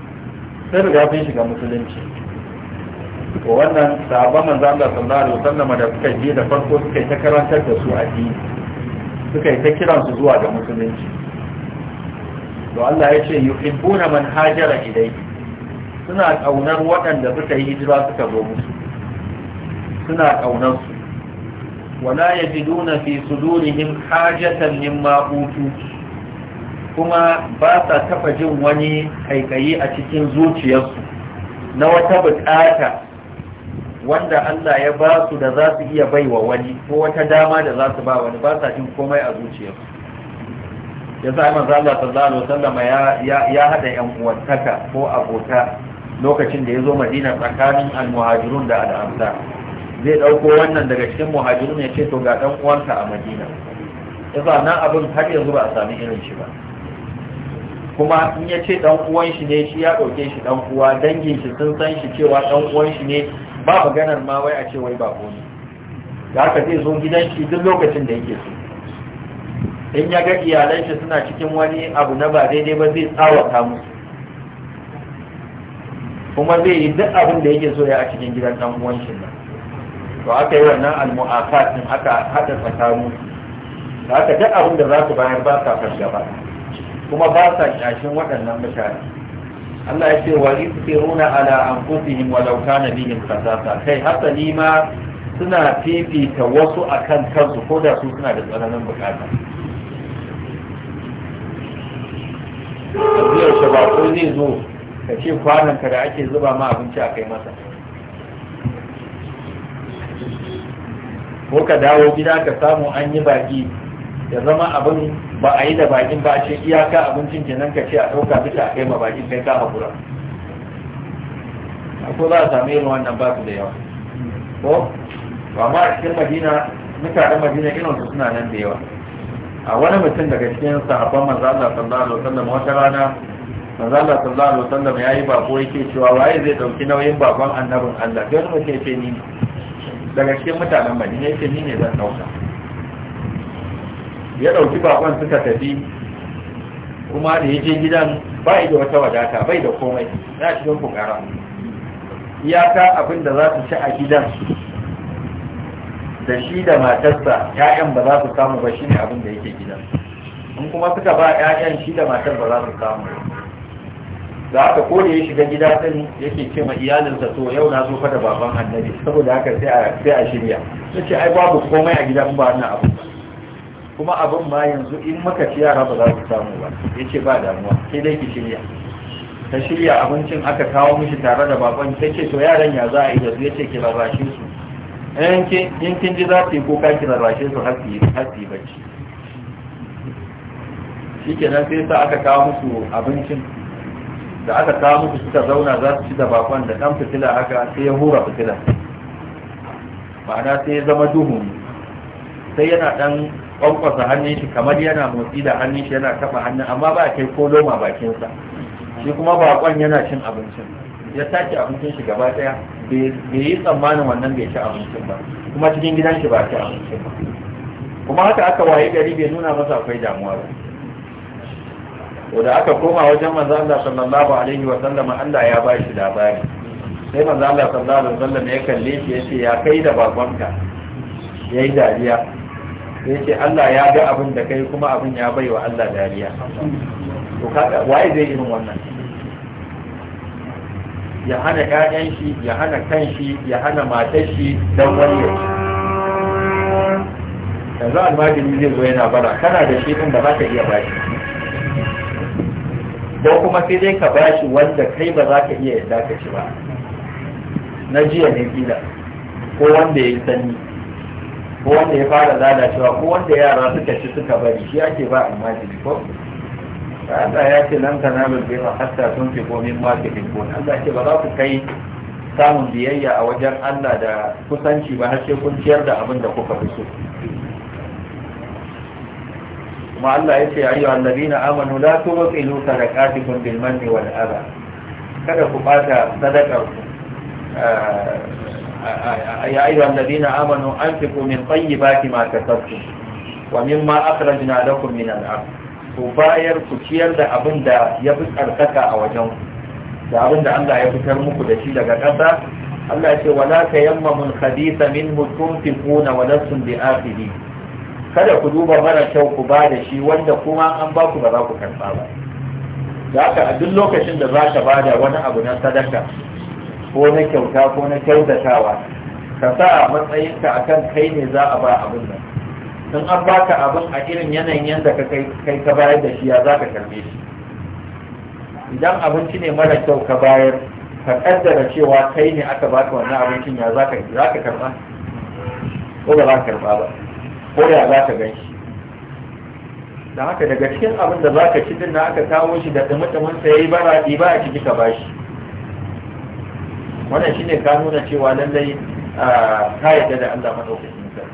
sai riga sun shiga musulunci wannan sahabban manzo Allah sallallahu alaihi wasallam da suka je da farko suka ta karantar da su addini suka ta kiran su zuwa ga musulunci to Allah ya ce yuhibbuna man hajara ilayhi suna kaunar waɗanda suka yi hijira suka zo musu suna kaunar su wala ya fi sudurihim hajatan mimma utu kuma ba sa taba jin wani kaikayi a cikin zuciyarsu na wata bukata wanda Allah ya ba su da za su iya bai wa wani ko wata dama da za su ba wani ba sa jin komai a zuciyarsu ya sa manzo Allah sallallahu alaihi wasallam ya ya yan uwantaka ko abota lokacin da ya zo Madina tsakanin al-muhajirun da al-ansar zai ɗauko wannan daga cikin muhajirun ya ce to ga dan uwanka a Madina yasa nan abin har yanzu ba a sami irin shi ba kuma in ya ce dan uwan shi ne shi ya ɗauke shi dan uwa dangin shi sun san shi cewa dan uwan shi ne ba maganar ma wai a ce wai ba ne da aka zai zo gidan shi duk lokacin da yake so in ya ga iyalan shi suna cikin wani abu na ba daidai ba zai tsawata musu kuma zai yi duk abin da yake so ya a cikin gidan dan uwan shi nan to aka yi wannan almu'afat din aka hada tsakanu da aka duk abin da za su bayar ba sa fargaba kuma ba sa kyashin waɗannan mutane Allah ya ce wa yusiruna ala anfusihim walau kana bihim khasasa kai hasa nima ma suna fifita wasu akan kansu ko da su suna da tsananin bukata tafiyar shi ba zai zo ka ce kwananka da ake zuba ma abinci a kai masa ko ka dawo gida ka samu an yi baki ya zama abin ba a yi da bakin ba ce iyaka abincin kenan ka ce a ɗauka bisa a kai ma bakin kai ka haƙura ko za a sami irin wannan ba su da yawa ko ba ma a cikin madina da madina irin su suna nan da yawa a wani mutum daga cikin sahabban manzo Allah sallallahu alaihi wasallam wata rana manzo Allah sallallahu alaihi wasallam yayi bako yake cewa waye zai dauki nauyin bakon annabin Allah dan mutum ce ni daga cikin mutanen madina yake ni ne zan dauka ya ɗauki bakon suka tafi kuma da ya je gidan ba da wata wadata bai da komai za a cikin fukara iyaka abin da za su ci a gidan da shi da matarsa ƴaƴan ba za su samu ba ne abin da yake gidan in kuma suka ba ya'yan shi da matar ba za su samu da haka ko da ya shiga gida din yake ce ma iyalinsa to yau na zo fa da baban annabi saboda haka sai a shirya, a shirya ai babu komai a gidan ba wannan abu ba kuma abin ma yanzu in maka ci yara ba za su samu ba ya ce ba damuwa sai dai ki shirya ta shirya abincin aka kawo mishi tare da bakon ta ce to yaran ya za a yi yanzu ya ce ki rarrashe su in kin ji za su yi kuka ki rarrashe su har su yi bacci shi nan sai sa aka kawo musu abincin da aka kawo musu suka zauna za su ci da bakon da ɗan fitila haka sai ya hura fitila ma'ana sai ya zama duhu sai yana ɗan Ƙwanƙwasa hannun shi kamar yana motsi da hannun shi yana taɓa hannun amma ba a kai ko loma bakinsa shi kuma bakon yana cin abincin ya sake abincin shi gaba ɗaya bai yi tsammanin wannan bai ci abincin ba kuma cikin gidan shi ba ci abincin ba kuma haka aka waye gari bai nuna masa akwai damuwa ba to da aka koma wajen manzo Allah sallallahu alaihi wa sallam Allah ya ba shi labari sai manzo Allah sallallahu alaihi wa sallam ya kalle shi ya ce ya kai da bakonka yayi dariya Ya ce Allah ya ga abin da kai kuma abin ya bai wa Allah dariya to kaga waye zai irin wannan ya hana ƴaƴan shi ya hana kan shi ya hana matar shi dan wani yanzu almajiri zai zo yana bara kana da shi din da za ka iya bashi ko kuma sai dai ka bashi wanda kai ba za ka iya yadda ka ci ba na jiya ne kila ko wanda ya yi sanyi ko wanda ya fara lalacewa ko wanda yara suka ci suka bari shi ake ba almajiri ko Allah ya ce nan lan tanalul birra hatta tunfiqu mimma ko Allah ce ba za ku kai samun biyayya a wajen Allah da kusanci ba har sai kun ciyar da abin da kuka fi so kuma Allah ya ce ayyu ladina amanu la tubtilu sadaqatikum bil manni wal adha kada ku bata sadaqar يا أيها الذين آمنوا أنفقوا من طيبات ما كسبتم ومما أخرجنا لكم من الأرض bayar ku ciyar da abin da ya fi tsarkaka a wajen da abin da Allah ya fitar muku da shi daga ƙasa Allah ce wala ka yamma mun hadisa min mutum fi kuna wa nassun bi akhiri kada ku duba mara kyau ku ba da shi wanda kuma an ba ku ba za ku karɓa ba da haka a duk lokacin da za ka ba da wani abu na sadaka ko na kyauta ko na kyautatawa ka sa a matsayinka akan kai ne za a ba abin nan in an baka abin a irin yanayin yadda ka kai ka bayar da shi ya za ka karbe shi idan abinci ne mara kyau ka bayar ka kaddara cewa kai ne aka baka wannan abincin ya za ka karba ko ba za ka karba ba ko ya za ka gan shi da haka daga cikin abin da za ka ci din na aka kawo shi da ɗumi dumin sa yayi bara ba a ciki ka bashi wannan shine ka nuna cewa lallai ka yadda da Allah madaukakin sarki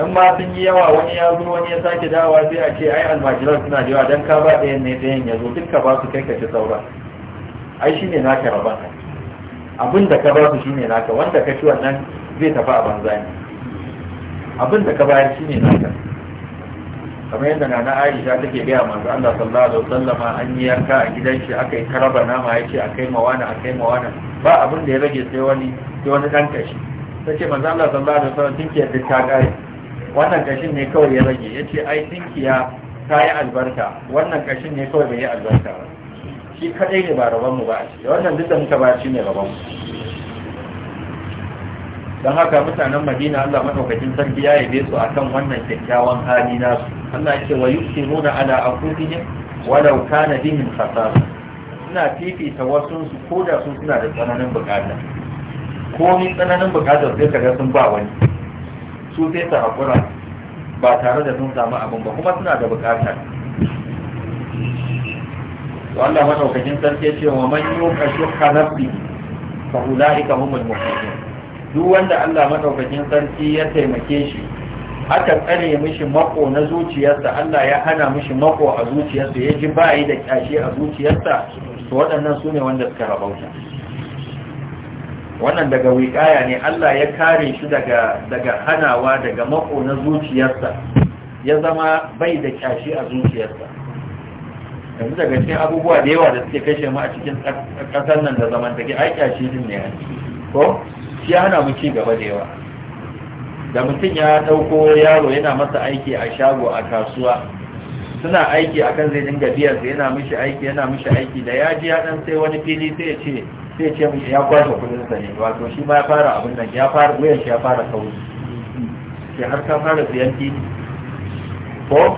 in ma sun yi yawa wani ya zo wani ya sake dawowa sai a ce ai almajiran suna da yawa dan ka ba ɗayan ne ɗayan ya zo dukka ba su kai ka ci saura. ai shine naka rabon ka abin da ka ba su shine naka wanda ka ci wannan zai tafi a banza ne abin da ka bayar shine naka kamar yadda na na aisha take gaya masu Allah sallallahu alaihi wasallama an yi yanka a gidan shi aka yi karaba nama ya ce a kai mawana kai mawana ba abin da ya rage sai wani sai wani dan kashi tace manzo Allah sallallahu alaihi wasallam tun duk ta kare wannan kashin ne kawai ya rage ya ce ai tinkiya ta yi albarka wannan kashin ne kawai bai yi albarka ba shi kadai ne ba rabon mu ba shi wannan duk da muka ba shi ne rabon mu don haka mutanen madina allah Maɗaukacin sarki ya yabe su akan wannan kyakkyawan hali nasu allah ce wa yusi nuna ala akutihim walau kana bihim khasasa suna fifita wasu su ko da su suna da tsananin bukata ni tsananin bukatar sai ka ga sun ba wani su sai ta haƙura ba tare da sun samu abin ba kuma suna da bukatar Allah maɗaukacin sarki ya ce wa man wa shuhha kanafi fa ulaika humul muhtadun duk wanda Allah madaukakin sarki ya taimake shi aka tsare mishi mako na zuciyarsa Allah ya hana mishi mako a zuciyarsa ya ji yi da kyashi a zuciyarsa to waɗannan su ne wanda suka rabauta wannan daga wikaya ne Allah ya kare shi daga daga hanawa daga mako na zuciyarsa ya zama bai da kyashi a zuciyarsa yanzu daga cikin abubuwa da yawa da suke kashe mu a cikin ƙasar nan da zamantake ai kyashi din ne ko shi hana mu ci gaba da yawa da mutum ya ɗauko yaro yana masa aiki a shago a kasuwa suna aiki akan zai dinga biyan sai yana mishi aiki yana mishi aiki da ya ji dan sai wani fili sai ya ce sai ya ce mishi ya kwashe kudin sa ne wato shi ma ya fara abin nan ya fara wayar shi ya fara kawo sai har ka fara siyan ki, ko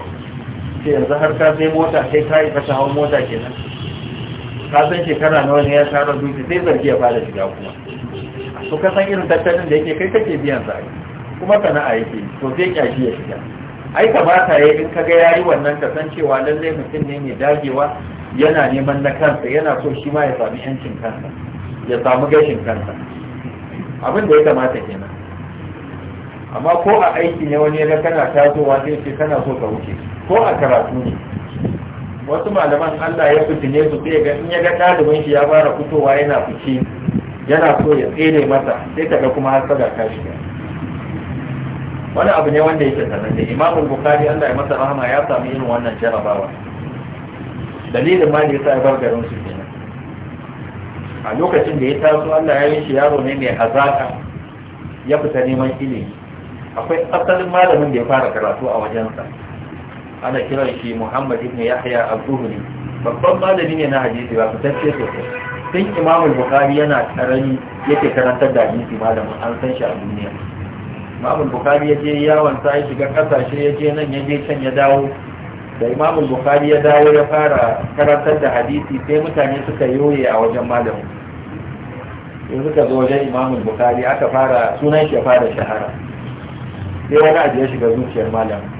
sai yanzu har ka sai mota sai ka yi fata hawan mota kenan ka san shekara nawa ne ya tara duki sai zargi ya fara shiga kuma to ka san irin tattalin da yake kai kake biyan sa kuma sana'a yake to zai kyashi ya shiga ai kamata ya in kaga yayi wannan ka san cewa lalle mutum ne mai dagewa yana neman na kansa yana so shi ma ya sami yancin kansa ya samu gashin kansa abin da ya kamata kenan amma ko a aiki ne wani ga kana tasowa sai ce kana so ka wuce ko a karatu ne wasu malaman Allah ya fitine su sai ga in ya ga ɗalibin shi ya fara fitowa yana fice yana so ya tsere masa sai kaga kuma har hasada ta shiga wani abu ne wanda yake sananne imamu bukari Allah ya masa rahama ya sami irin wannan jarabawa dalilin ma da yasa ya bar garin su kenan a lokacin da ya taso Allah ya yi shi yaro ne mai hazaka ya fita neman ilimi akwai asalin malamin da ya fara karatu a wajensa ana kiran shi Muhammad ibn Yahya al-Zuhri babban malami ne na hadisi ba fitacce sosai tun imamul bukari yana karani yake karantar da hadisi malamin an san shi a duniya imamul bukari ya je yawon ya shiga kasashe ya je nan yaje can ya dawo da imamul bukari ya dawo ya fara karantar da hadisi sai mutane suka yoye a wajen malamin sai suka zo wajen imamul bukari aka fara sunan shi ya fara shahara sai wani abu ya shiga zuciyar malamin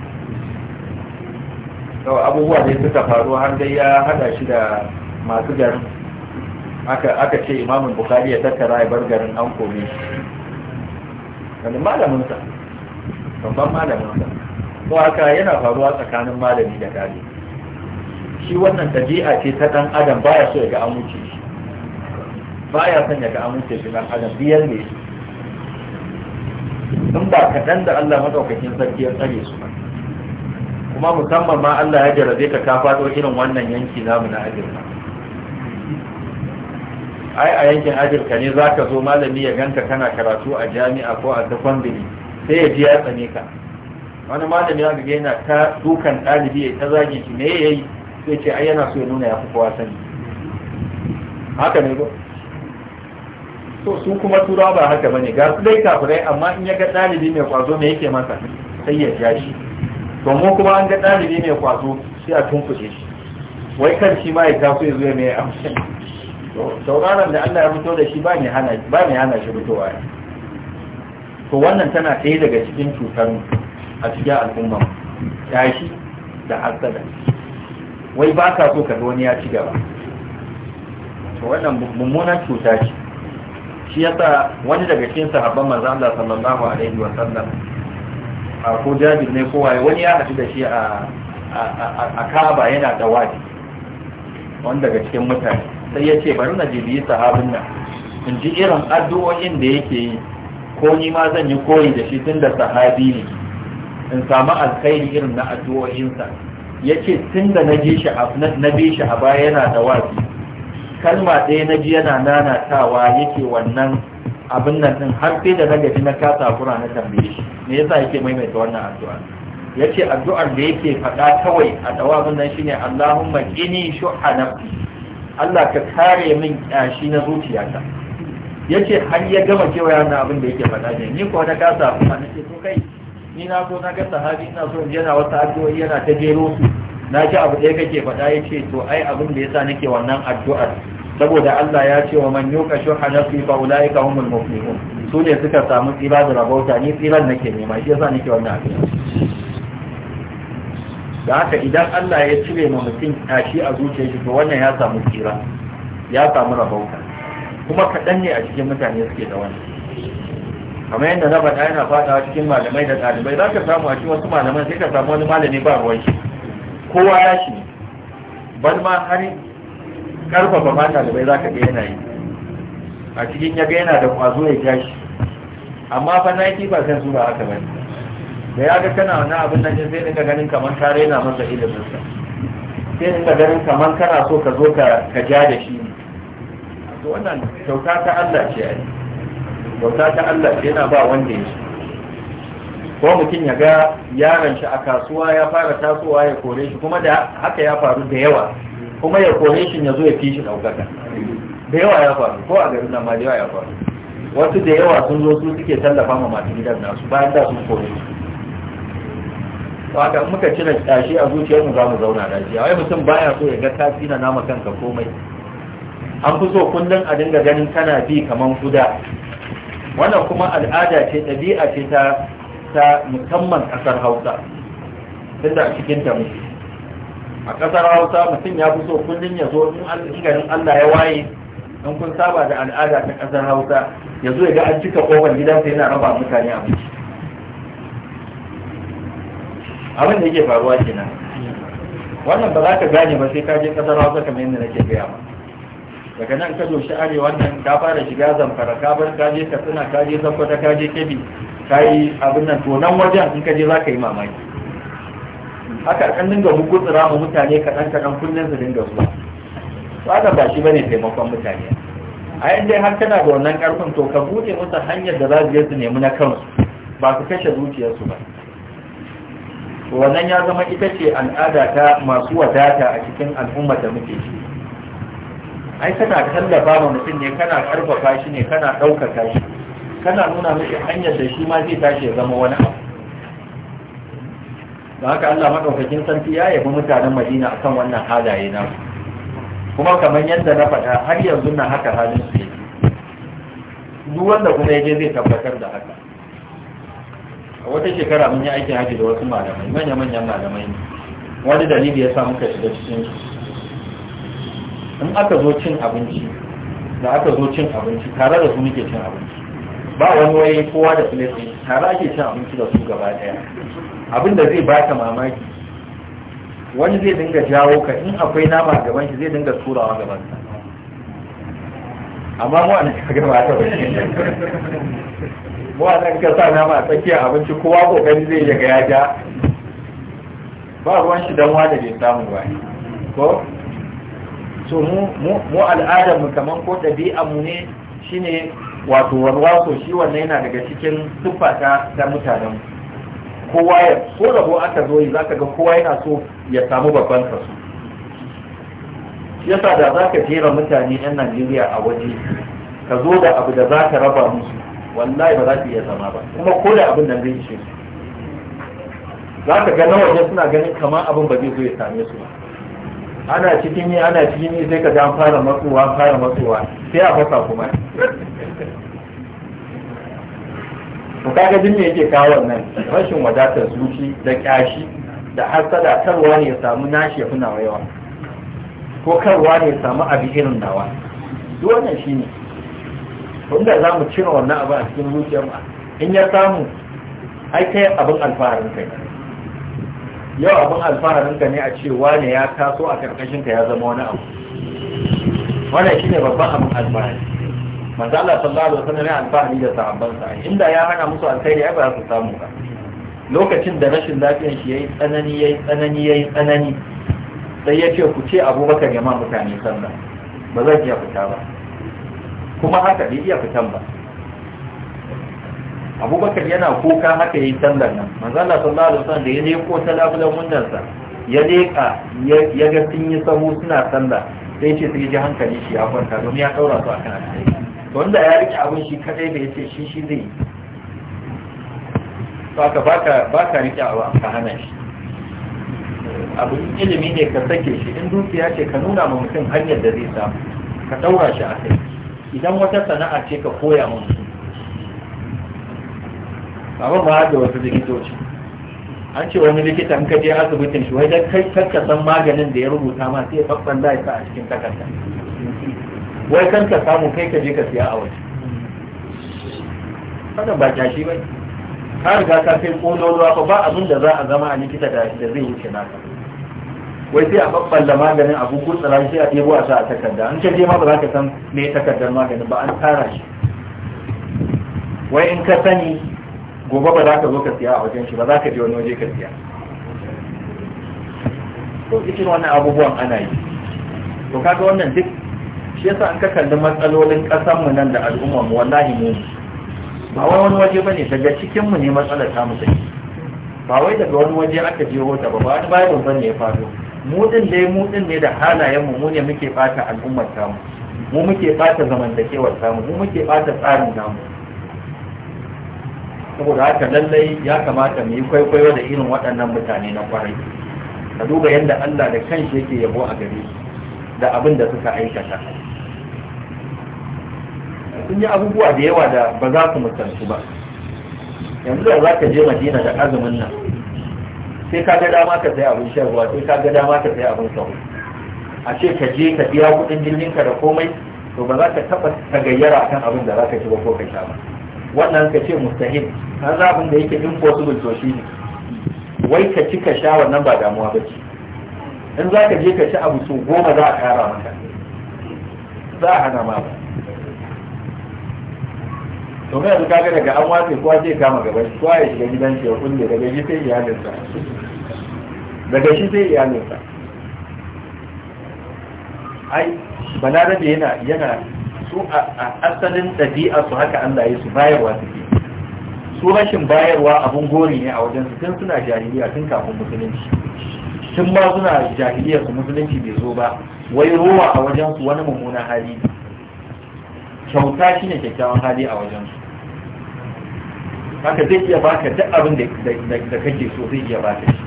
abubuwa dai suka faru har dai ya hada shi da masu garin aka ce imamun bukari ya tattara ya bar garin an kome shi wani malaminsa babban malaminsa ko haka yana faruwa tsakanin malami da ɗalibi shi wannan tabi'a ce ta ɗan adam baya so ya ga amince shi baya son ya ga amince shi dan adam biyar ne in ba kaɗan da Allah maɗaukakin sarki ya tsare su ba kuma musamman ma Allah ya jarabe ka ka faɗo irin wannan yanki namu na ajiyar ai a yankin ajirka ne za ka zo malami ya ganka kana karatu a jami'a ko a secondary sai ya ji ya tsane ka wani malami ya ga yana ta dukan ɗalibi ya ta zagin shi me yi sai ce ai yana so ya nuna ya fi kowa sani haka ne ba so su kuma tura ba haka bane ga su dai kafirai amma in ya ga ɗalibi mai kwazo me yake masa sai ya ja shi to mu kuma an ga ɗalibi mai kwazo sai a tunkushe shi wai kan shi ma ya taso ya zo ya mai amfani sauraron da Allah ya fito da shi ba mai hana shi fitowa to wannan tana ɗaya daga cikin cutar a cikin al'umma tashi da hasada wai ba ka so ka wani ya ci gaba to wannan mummunan cuta ce shi ya sa wani daga cikin sahabban manzo Allah sallallahu alaihi wa sallam a ko jabi ne ko waye wani ya haɗu da shi a a Kaaba yana da wani wanda daga cikin mutane sai ya ce bari na jibi sahabin nan in ji irin addu'o'in da yake yi ko ni ma zan yi koyi da shi tun da sahabi ne in samu alkhairi irin na addu'o'insa ya ce tun da na bi shi a baya yana da wasu kalma ɗaya na ji yana nanatawa yake wannan abin nan ɗin har sai da na gaji na kasa kura na tambaye shi me yasa yake maimaita wannan addu'a ya ce addu'ar da yake faɗa kawai a ɗawabin nan shine Allahumma qini shu'a nafsi Allah ka kare min kyashi na zuciyata ce har ya gama kewaya na abin da yake faɗa ne ni ko na kasa na ce to kai ni na zo na ga sahabi ina so yana wata addu'a yana ta jero su na ji abu ɗaya kake faɗa yace to ai abin da yasa nake wannan addu'a saboda Allah ya ce wa man yuka shuha nafsi fa ulaika humul muflihun su ne suka samu tsira da rabauta ni tsiran nake nema shi yasa nake wannan addu'a da haka idan Allah ya cire ma mutum tashi a zuciya shi to wannan ya samu tsira ya samu rabauta kuma kaɗan ne a cikin mutane suke da wannan kamar yadda na faɗa yana faɗawa cikin malamai da ɗalibai za ka samu a cikin wasu malaman sai ka samu wani malami ba ruwan shi kowa ya shi ban ma har karfafa ma ɗalibai za ka ga yana yi a cikin ya ga yana da ƙwazo ya ja shi amma fa 90% zan ba haka ne da ya ga kana wani abin nan sai dinga ganin kamar ka raina masa ilimin Sai sai ka ganin kamar kana so ka zo ka ka ja da shi to wannan kyauta ta Allah ce ai kyauta ta Allah ce yana ba wanda ya ko mutum ya ga yaron shi a kasuwa ya fara tasowa ya kore shi kuma da haka ya faru da yawa kuma ya kore shi ya zo ya fi shi daukaka da yawa ya faru ko a garin nan ma da yawa ya faru wasu da yawa sun zo su suke tallafa ma masu gidan nasu bayan da sun kore shi. haka muka cire tashi a zuciyarmu za mu zauna lafiya wai mutum baya so ya ga tafi na nama kanka komai an fi so kullum a dinga ganin kana bi kaman kuda wannan kuma al'ada ce ɗabi'a ce ta ta musamman ƙasar hausa tunda a cikin ta muke a ƙasar hausa mutum ya fi so kullum ya zo in ganin allah ya waye in kun saba da al'ada ta ƙasar hausa ya zo ya ga an cika kofar gidansa yana raba mutane abinci abin da yake faruwa kenan wannan ba za ka gane ba sai ka je kasar hausa kamar yadda nake gaya ba daga nan ka doshi arewa wannan ka fara shiga zamfara ka bar ka je katsina ka je zakwata ka je kebi ka yi abin nan to nan wajen in ka je za ka yi mamaki haka kan dinga tsira ma mutane kaɗan kaɗan kullum su dinga zuwa ba ba shi bane taimakon mutane a inda har kana da wannan karfin to ka buɗe musu hanyar da za su je su nemi na kansu ba su kashe zuciyarsu ba wannan ya zama ita ce al'ada ta masu wadata a cikin al'umma da muke ci ai kana tallafa ma mutum ne kana karfafa shi ne kana ɗaukaka shi kana nuna mishi hanyar da shi ma zai tashi ya zama wani abu Ba haka Allah maɗaukakin sarki ya yabi mutanen Madina akan wannan halaye na kuma kamar yadda na faɗa har yanzu na haka halin su yake duk wanda kuma ya je zai tabbatar da haka a wata shekara mun yi aikin haji da wasu malamai manya-manyan malamai ne. wani dalili ya sa muka shiga cikin in aka zo cin abinci da aka zo cin abinci tare da su muke cin abinci ba wani waye kowa da filistin tare ake cin abinci da su gaba daya abin da zai baka mamaki wani zai dinga jawo ka in akwai nama gaban shi zai dinga turawa gaban sa amma mu an [laughs] gaba ta mu a nan kasa na ma tsakiyar abinci kowa kokari zai yaga ya ja ba ruwan shi dan da bai samu ba ko so mu al'adar mu kaman ko ɗabi'a mu ne shine wato warwaso shi wannan yana daga cikin tuffata ta mutanen kowa ya ko rabo aka zo yi zaka ga kowa yana so ya samu babban kasu yasa da zaka jera mutane yan Najeriya a waje ka zo da abu da zaka raba musu wallahi ba za su iya zama ba kuma ko da abin da zai ishe su za ka ga nawa suna ganin kamar abin ba zai zo ya same su ba ana cikin yi ana cikin yi sai ka ga fara matsuwa fara matsuwa sai a fasa kuma Ku kaga jin me yake kawo wannan rashin wadatar zuci da kyashi da hasada karwa ne ya samu nashi ya fi nawa yawa ko karwa ne ya samu abu irin nawa duk wannan shine tunda za mu cire wannan abu a cikin zuciyar mu in ya samu ai kai abin alfaharin kai yau abin alfaharin ka ne a ce wane ya taso a karkashin ka ya zama wani abu wannan shine babban abin alfahari manzo Allah sallallahu alaihi wasallam alfahari da sahabban sa inda ya hana musu alkhairi ai ba su samu ba lokacin da rashin lafiyar shi yayi tsanani yayi tsanani yayi tsanani sai ya ce ku ce abubakar ya ma mutane sallah ba zan iya fita ba kuma haka bai iya fitan ba abubakar yana kuka haka yi sallar nan manzala sallallahu alaihi wasallam da ya ko ta labulan wundansa ya leka ya ga sun yi sahu suna sanda. sai ce sai ji hankali shi ya kwanta domin ya daura su a kan alheri wanda ya rike abin shi kadai da ce shi shi zai baka baka baka rike abu ka hana shi abu ilimi ne ka sake shi in dukiya ce ka nuna ma mutum hanyar da zai samu ka daura shi a kai idan wata sana'a ce ka koya mun abin ba da wasu likitoci an ce wani likita in ka je asibitin shi Wai wajen kai kanka san maganin da ya rubuta ma sai babban da a cikin takarda wai kanka samu kai ka je ka siya a waje kada ba kyashi ba ka riga ka kai ruwa ba abin da za a zama a likita da zai wuce naka wai sai a babballa maganin abu ko tsara sai a ɗebo a sa a takarda an kaje ma ba za ka san me takardar maganin ba an tara shi wai in ka sani gobe ba za ka zo ka siya a wajen shi ba za ka je wani waje ka siya to ikin wannan abubuwan ana yi to kaga wannan duk shi yasa an ka kalli matsalolin ƙasar mu nan da al'umma mu wallahi mu ba wai wani waje bane daga cikin mu ne matsalar ta mu take ba wai daga wani waje aka je hota ba ba wani ba ne ya faru mu dai mudin ne da halayen mu ne muke fata al'ummar tamu mu muke fata zamantakewar tamu mu muke fata tsarin namu saboda haka lallai ya kamata mu yi kwaikwayo da irin waɗannan mutane na kwarai ka duba yadda Allah da kan shi yake yabo a gari da abin da suka aikata sun yi abubuwa da yawa da ba za su mutantu ba yanzu da za ka je madina da azumin nan sai ka ga dama ka sai abin shan ruwa sai ka ga dama ka sai abin sahu a ce ka je ka biya kuɗin jirgin da komai to ba za ka taɓa gayyara kan abin da za ka ci ba ko ka sha ba wannan ka ce mustahil an za abin da yake impossible to shi ne wai ka ci ka sha wannan ba damuwa ba ce in za ka je ka ci abu su goma za a kara maka za a hana ma ba domin yanzu kaga daga an wace kowa zai kama gaban shi kowa ya shiga gidan shi ya kulle daga shi sai iyalinsa daga shi sai iyalinsa ai balarabe yana yana su a asalin ɗabi'a su haka Allah ya su bayarwa su ke. su rashin bayarwa abun gori ne a wajen su tun suna jahiliya tun kafin musulunci tun ba suna jahiliya su musulunci bai zo ba wai ruwa a wajen su wani mummunan hali kyauta shine kyakkyawan hali a wajen su haka zai iya baka duk abin da kake so zai iya baka shi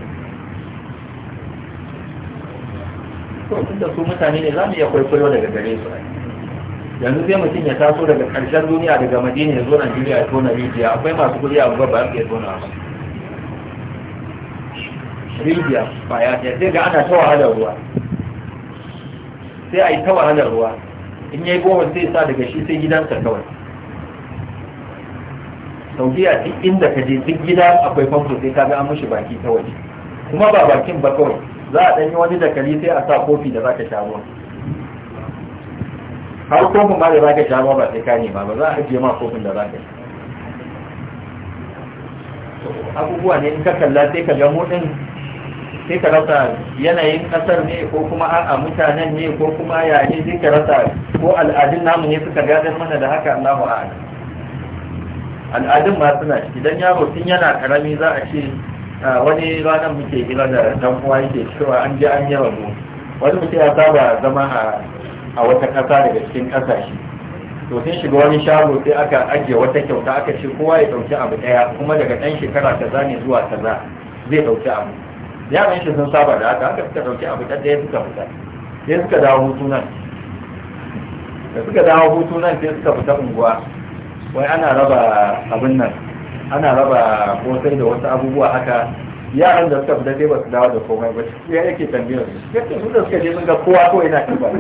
to tun da su mutane ne za mu iya kwaikwayo daga gare su yanzu zai mutum ya taso daga karshen duniya daga madina ya zo najeriya ya tona rijiya akwai masu kuɗi a gaba ba ya tona ba rijiya ba ya sai ga ana ta wahalar ruwa sai a yi ta wahalar ruwa in ya yi goma sai sa daga shi sai gidansa kawai saudiya duk inda ka je duk gida akwai famfo sai ka ga an mishi baki ta waje kuma ba bakin ba kawai za a ɗanyi wani da kari sai a sa kofi da za ka sha ruwa har kofin ma da za ka sha ruwa ba sai ka nema ba za a ajiye ma kofin da za ka sha abubuwa ne in ka kalla sai ka ga motsin sai ka rasa yanayin kasar ne ko kuma a'a mutanen ne ko kuma yaya sai ka rasa ko al'adun namu ne suka gadar mana da haka Allahu a'ala al'adun ma suna ciki idan yaro tun yana karami za a ce wani ranar muke gina da dan uwa yake cewa an ji an yi rabu wani mutum ya saba zama a wata ƙasa daga cikin ƙasashe to sun shiga wani shago sai aka ajiye wata kyauta aka ce kowa ya ɗauki abu ɗaya kuma daga ɗan shekara kaza ne zuwa kaza zai ɗauki abu yaran shi sun saba da haka aka suka ɗauki abu ya suka fita sai suka dawo hutu nan da suka dawo hutu nan sai suka fita unguwa wai ana raba abin nan ana raba kosai da wasu abubuwa haka yaran da suka fita sai ba su dawo da komai ba Su ya yake tambayar su yake su da suka je sun ga kowa ko yana ci ba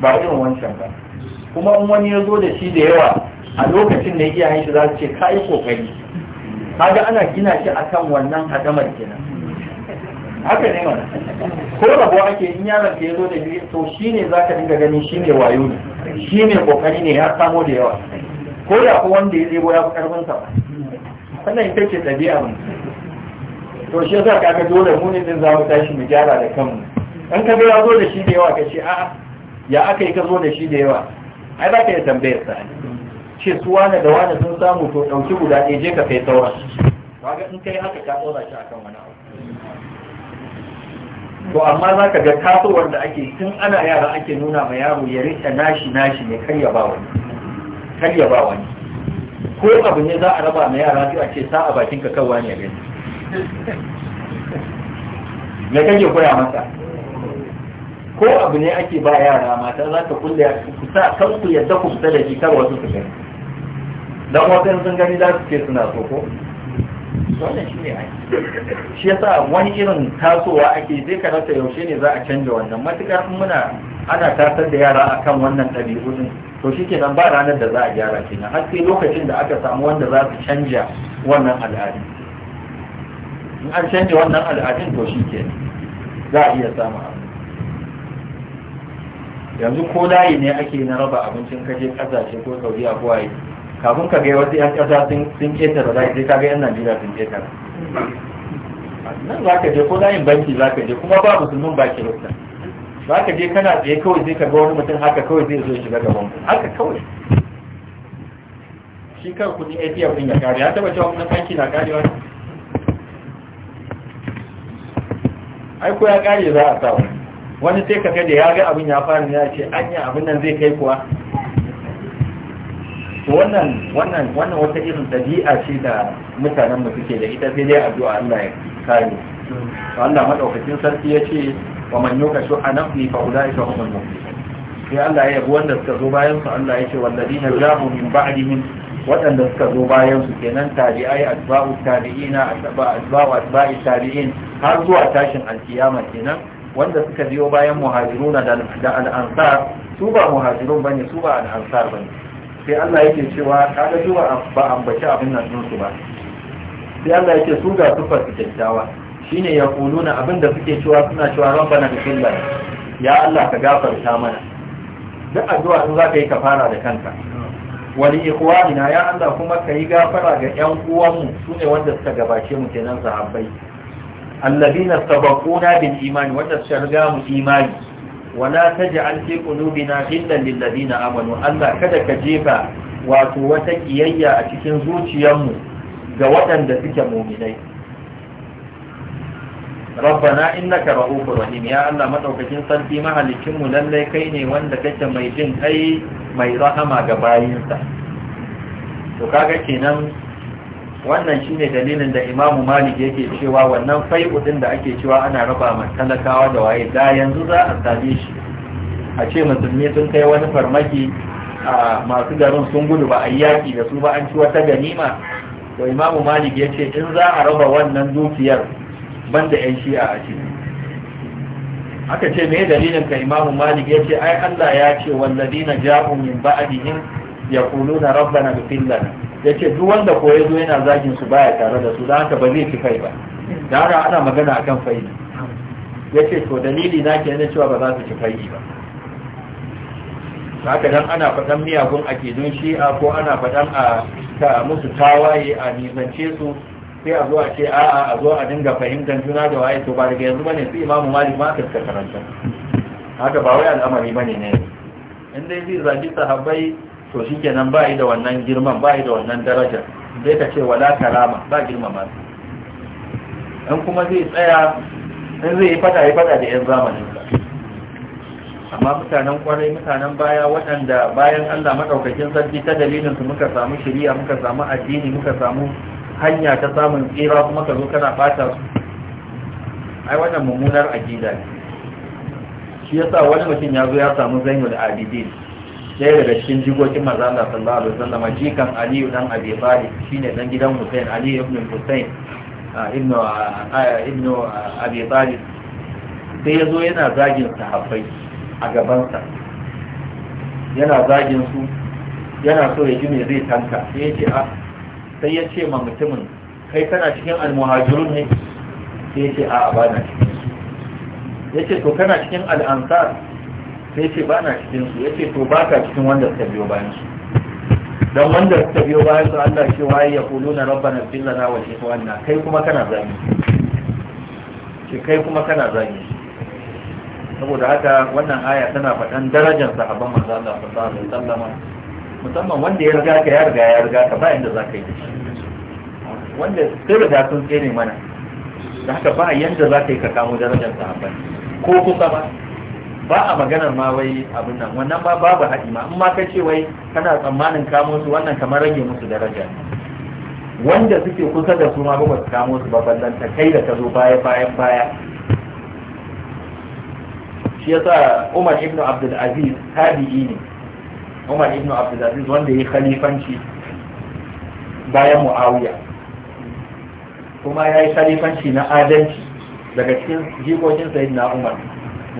ba irin wancan ba kuma in wani ya zo da shi da yawa a lokacin da iyayen shi za su ce ka yi kokari kaga ana gina shi akan wannan hadamar kenan haka ne mana ko rabu ake in yaran ka ya zo da biyu to shine zaka dinga ganin shine wayo ne shine kokari ne ya samo da yawa ko da ku wanda ya zebo ya fi ƙarfin sa sannan ita ce ɗabi'a mu to shi yasa ga dole mu ne din za mu tashi mu gyara da kanmu an ka ga ya zo da shi da yawa ka ce a'a ya aka yi ka zo da shi da yawa ai ba ka yi tambayar sa ce su wane da wane sun samu to ɗauki guda ɗaya je ka kai sauran ga in kai haka ka ɗora shi akan wani abu to amma za ka ga tasowar da ake tun ana yara ake nuna ma yaro ya rike nashi nashi ne kar ya ba wani kar ya ba wani ko abu ne za a raba ma yara sai a ce sa a bakin ka kawwa ne gani me kake koya masa ko abu ne ake ba yara mata za ka kulle ku sa kan ku yadda ku fita da shi kar wasu su gani dan wasu sun gani za su ce suna so ko wannan shi ne ai shi yasa wani irin tasowa ake zai ka rasa yaushe ne za a canja wannan matukar muna ana tasar da yara akan wannan ɗabi'u din to shi kenan ba ranar da za a gyara kenan har sai lokacin da aka samu wanda za su canja wannan al'adu in an canja wannan al'adun to shi kenan za a iya samun abu yanzu ko layi ne ake na raba abincin kaje kasashe ko saudi a kuwaye kafin ka gai wasu 'yan ƙasa sun ƙetare layi sai ka ga 'yan najeriya sun ƙetare nan za ka je ko layin banki za ka je kuma ba musulmin ba kirista za ka je kana tsaye kawai sai ka ga wani mutum haka kawai zai zo shiga gaban haka kawai shi kan kudin a din ya kare ya taba cewa wani banki na karewa ai ko ya kare za a sa wani sai ka da ya ga abin ya fara ya ce yi abin nan zai kai kuwa wannan wannan wannan wata irin dabi'a ce da mutanen mu suke da ita sai dai addu'a Allah ya kare Allah madaukakin sarki ya ce ومن يوك شح نفسه فأولئك هم المفلحون sai Allah ya yabi wanda suka zo bayan Allah ya ce walladina jabu min ba'dihim waɗanda suka zo bayan kenan tabi'ai asba'u tabi'ina asba'u tabi'in har zuwa tashin alkiyama kenan wanda suka biyo bayan muhajiruna da al'ansar su ba muhajirun bane su ba al'ansar bane sai Allah yake cewa kaga zuwa ba ambaci abin nan su ba sai Allah yake su ga su fasikyawa shine ya kuluna abinda suke cewa suna cewa rabbana ghfir lana ya Allah ka gafarta mana duk addu'a in zaka yi ka fara da kanka wali ikhwanina ya Allah kuma ka yi gafara ga yan uwanmu sune wanda suka gabace mu kenan sahabbai alladhina na bin imani, wanda suka riga mu imani wala taj'al fi na ghillan lillabi na amanu Allah kada ka jefa wato wata kiyayya a cikin zuciyarmu ga waɗanda suke mu'minai rabbana innaka rahufur rahim ya Allah madaukakin sarki mahalikin mu lalle kai ne wanda kake mai jin kai mai rahama ga bayinsa to kaga kenan wannan shine dalilin da Imam Malik yake cewa wannan fai'u din da ake cewa ana raba ma talakawa da waye da yanzu za a same shi a ce musulmi sun kai wani farmaki a masu garin sun gudu ba a yaki da su ba an ci wata ganima to Imamu Malik yace in za a raba wannan dukiyar banda yan shi'a a ciki aka ce me dalilin ka imamu malik ya ce ai allah ya ce na ja'u min ba'dihim yaquluna rabbana ighfir Ya yace duk wanda ko yazo yana zagin su baya tare da su dan haka ba zai ci fai ba da haka ana magana akan Ya yace to dalili na ke ne cewa ba za su ci fai ba haka dan ana faɗan miyagun akidun shi'a ko ana faɗan a musu tawaye a nisance su sai a zo a ce a'a a zo a dinga fahimtar juna da waye to ba daga yanzu bane su imamu malik ma suka karanta haka ba wai al'amari bane ne in dai zai zagi sahabbai to shikenan ba yi da wannan girman ba yi da wannan darajar sai ka ce wala karama ba girmama su in kuma zai tsaya in zai yi fada yi fada da yan zamanin amma mutanen kwarai mutanen baya waɗanda bayan Allah maɗaukakin sarki ta dalilin su muka samu shari'a muka samu addini muka samu hanya ta samun tsira kuma ka zo kana fata su ai wannan mummunar aqida ne shi yasa wani mutum ya zo ya samu zainul abidin Sai daga cikin jigogin manzo Allah sallallahu alaihi wasallam jikan Aliyu dan Abi Talib shine dan gidan Hussein Ali ibn Hussein ibn ibn Abi Talib sai ya zo yana zagin sahabbai a gabansa yana zagin su yana so ya ji me zai tanka sai ya ce a ah, sai ya ce ma mutumin kai kana cikin almuhajirun ne sai ya ce a ba na cikin su ya ce to kana cikin al'ansar sai ya ce ba na cikin su ya ce to ba ka cikin wanda suka biyo bayan su don wanda suka biyo bayan su Allah ce waye ya kulu na rabbana na wa ikhwana kai kuma kana zagi ce kai kuma kana zagi saboda haka wannan aya tana faɗan darajar sahabban manzo Allah sallallahu alaihi wasallam musamman wanda ya riga ka ya riga ya riga ka ba inda za ka yi shi wanda sai riga sun tsere mana da haka ba yanda za ka yi ka kamo darajar sahabbai ko kusa ba ba a maganar ma wai abin nan wannan ba babu haɗi ma in ma ka ce wai kana tsammanin kamo su wannan kamar rage musu daraja wanda suke kusa da su ma ba su kamo su ba ballanta kai da ka zo baya bayan baya shi yasa Umar ibn Abdul Aziz tabi'i ne Umar ibn Abdulaziz wanda ya yi khalifanci bayan Muawiya kuma ya yi khalifanci na adalci daga cikin jikokin na Umar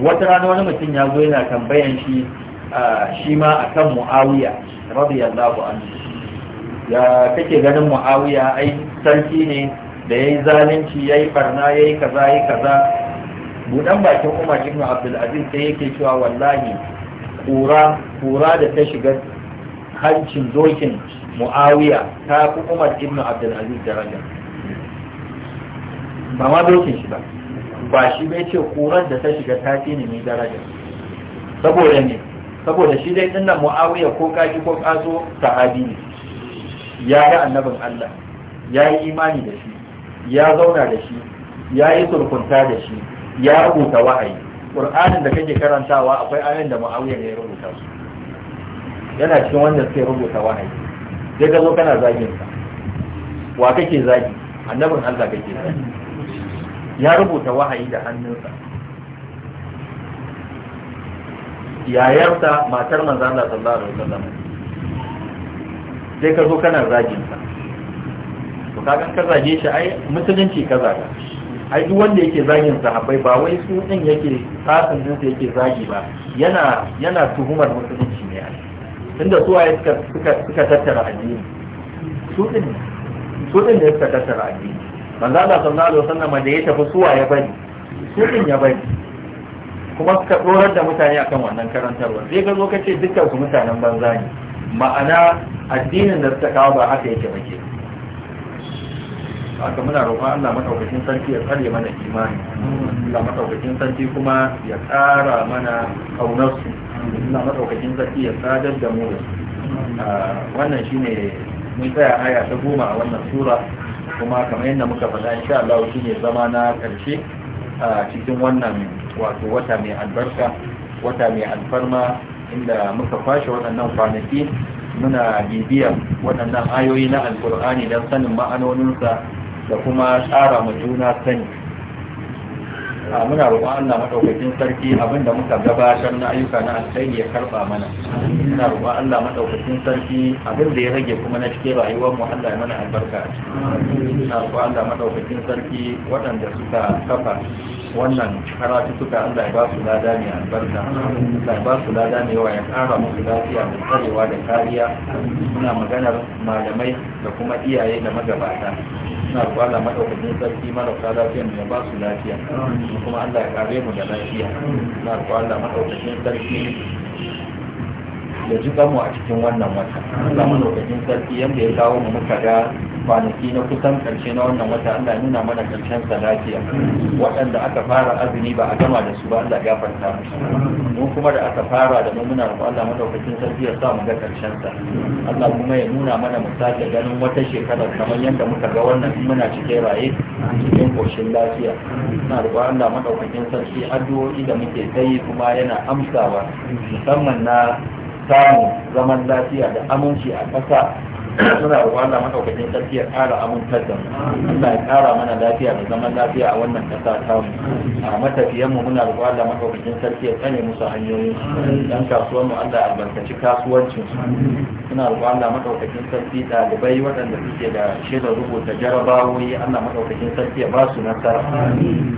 wata rana wani mutum ya zo yana tambayan shi shi ma akan Muawiya radiyallahu anhu ya kake ganin Muawiya ai sarki ne da yayi zalunci yayi barna yayi kaza yayi kaza budan bakin Umar ibn Abdulaziz sai yake cewa wallahi kura kura da ta shiga hancin dokin mu'awiya ta fi umar ibn abdulaziz daraja ba ma dokin shi ba ba shi bai ce kurar da ta shiga ta fi ne daraja saboda ne saboda shi dai dinnan mu'awiya ko kaji ko kaso sahabi ne ya yi annabin Allah ya yi imani da shi ya zauna da shi ya yi surkunta da shi ya rubuta wa'ayi ƙur'anin da kake karantawa akwai ayoyin da ma'auya ne ya rubuta su yana cikin wanda suke rubuta wahayi sai ka zo kana zagin sa wa kake zagi annabin Allah kake zagi ya rubuta wahayi da hannunsa yayarsa matar manzo Allah sallallahu alaihi wasallam sai ka zo kana zagin sa to kaga ka zage shi ai musulunci ka zaga ai duk wanda yake zagin sahabbai ba wai su din yake fasin din yake zagi ba yana yana tuhumar musulunci ne a tunda su waye suka suka tattara addini su din su din ne suka tattara addini manzo Allah sallallahu alaihi wasallam da ya tafi su ya bari su din ya bari kuma suka dorar da mutane akan wannan karantarwa sai ka zo ka ce dukkan su mutanen banza ne ma'ana addinin da suka kawo ba haka yake ba ke aka muna roƙon Allah madaukakin sarki ya tsare mana imani Allah madaukakin sarki kuma ya ƙara mana kaunarsu Allah madaukakin sarki ya sadar da mu da su ah, wannan shine mun tsaya aya ta goma a wannan sura kuma kamar yadda muka faɗa insha Allah ne zama na ƙarshe a cikin wannan wato wata mai albarka wata mai alfarma inda muka kwashe waɗannan kwanaki muna bibiyar waɗannan ayoyi na alkur'ani don sanin ma'anoninsa da kuma tsara mu juna sani a muna roƙon Allah madaukakin sarki abinda muka gabatar na ayyuka na alƙairi ya karɓa mana muna roƙon Allah madaukakin sarki abinda ya rage kuma na cikin rayuwar mu Allah ya mana albarka muna roƙon Allah madaukakin sarki waɗanda suka kafa wannan karatu suka Allah ya ba su lada a albarka Allah ya ba su lada ne wa ya kara musu lafiya da tsarewa da kariya muna maganar malamai da kuma iyaye da magabata suna kwala maɗaukacin sarki marasa lafiyar da ba su lafiya kuma Allah ya kare mu da lafiya suna kwala maɗaukacin sarki ya ji mu a cikin wannan wata Allah lokacin sarki yadda ya kawo mu muka ga kwanaki na kusan karshe na wannan wata Allah nuna mana karshen sa lafiya waɗanda aka fara azumi ba a gama da su ba Allah ya farta mu kuma da aka fara da mu muna Allah madaukakin sarki ya sa mu ga karshen sa Allah kuma ya nuna mana mu sake ganin wata shekara kamar yadda muka ga wannan muna cikin raye cikin koshin lafiya na roƙon Allah madaukakin sarki addu'o'i da muke kai kuma yana amsawa musamman na samun zaman lafiya da aminci a ƙasa suna roƙon Allah madaukakin sarki ya ƙara amintar da mu Allah ya ƙara mana lafiya da zaman lafiya a wannan ƙasa ta mu a matafiyan mu muna roƙon Allah madaukakin sarki ya tsane musu hanyoyin dan kasuwan mu Allah ya albarkaci kasuwancin suna roƙon Allah madaukakin sarki dabai waɗanda suke da shaidar rubuta jarabawoyi Allah madaukakin sarki ya ba su nasara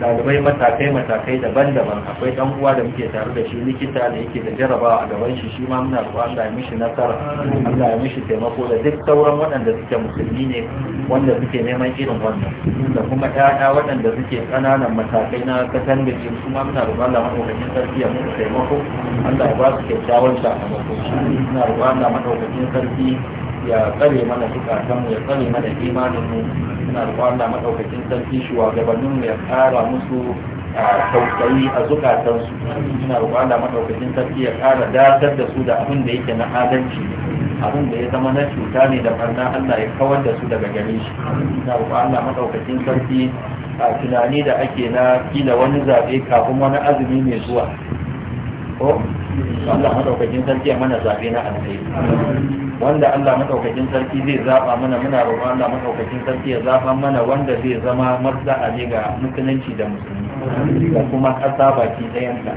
dabai matakai matakai daban-daban akwai dan uwa da muke tare da shi likita da yake da jarabawa a gaban shi shi ma muna roƙon Allah ya mishi nasara Allah ya mishi taimako da duk sauran waɗanda suke musulmi ne wanda suke neman irin wannan da kuma ƴaƴa waɗanda suke ƙananan matakai na da ke kuma muna roƙon Allah madaukakin sarki ya musu taimako Allah ya ba su kyakkyawan sakamako muna roƙon Allah madaukakin cikin sarki ya tsare mana zukatanmu ya tsare mana imaninmu suna da Allah maɗaukacin sarki mu ya ƙara musu tausayi a zukatansu suna da Allah maɗaukacin sarki ya ƙara datar da su da abin da yake na adalci abin da ya zama na cuta ne da farna Allah ya kawar da su daga gare shi suna da Allah maɗaukacin sarki a tunani da ake na kila wani zaɓe kafin wani azumi mai zuwa ko Allah madaukakin sarki ya mana zabe na alheri wanda Allah madaukakin sarki zai zaba mana muna roƙon Allah madaukakin sarki ya zaba mana wanda zai zama maslaha ne ga mutunci da musulmi da kuma ƙasa baki ɗayanta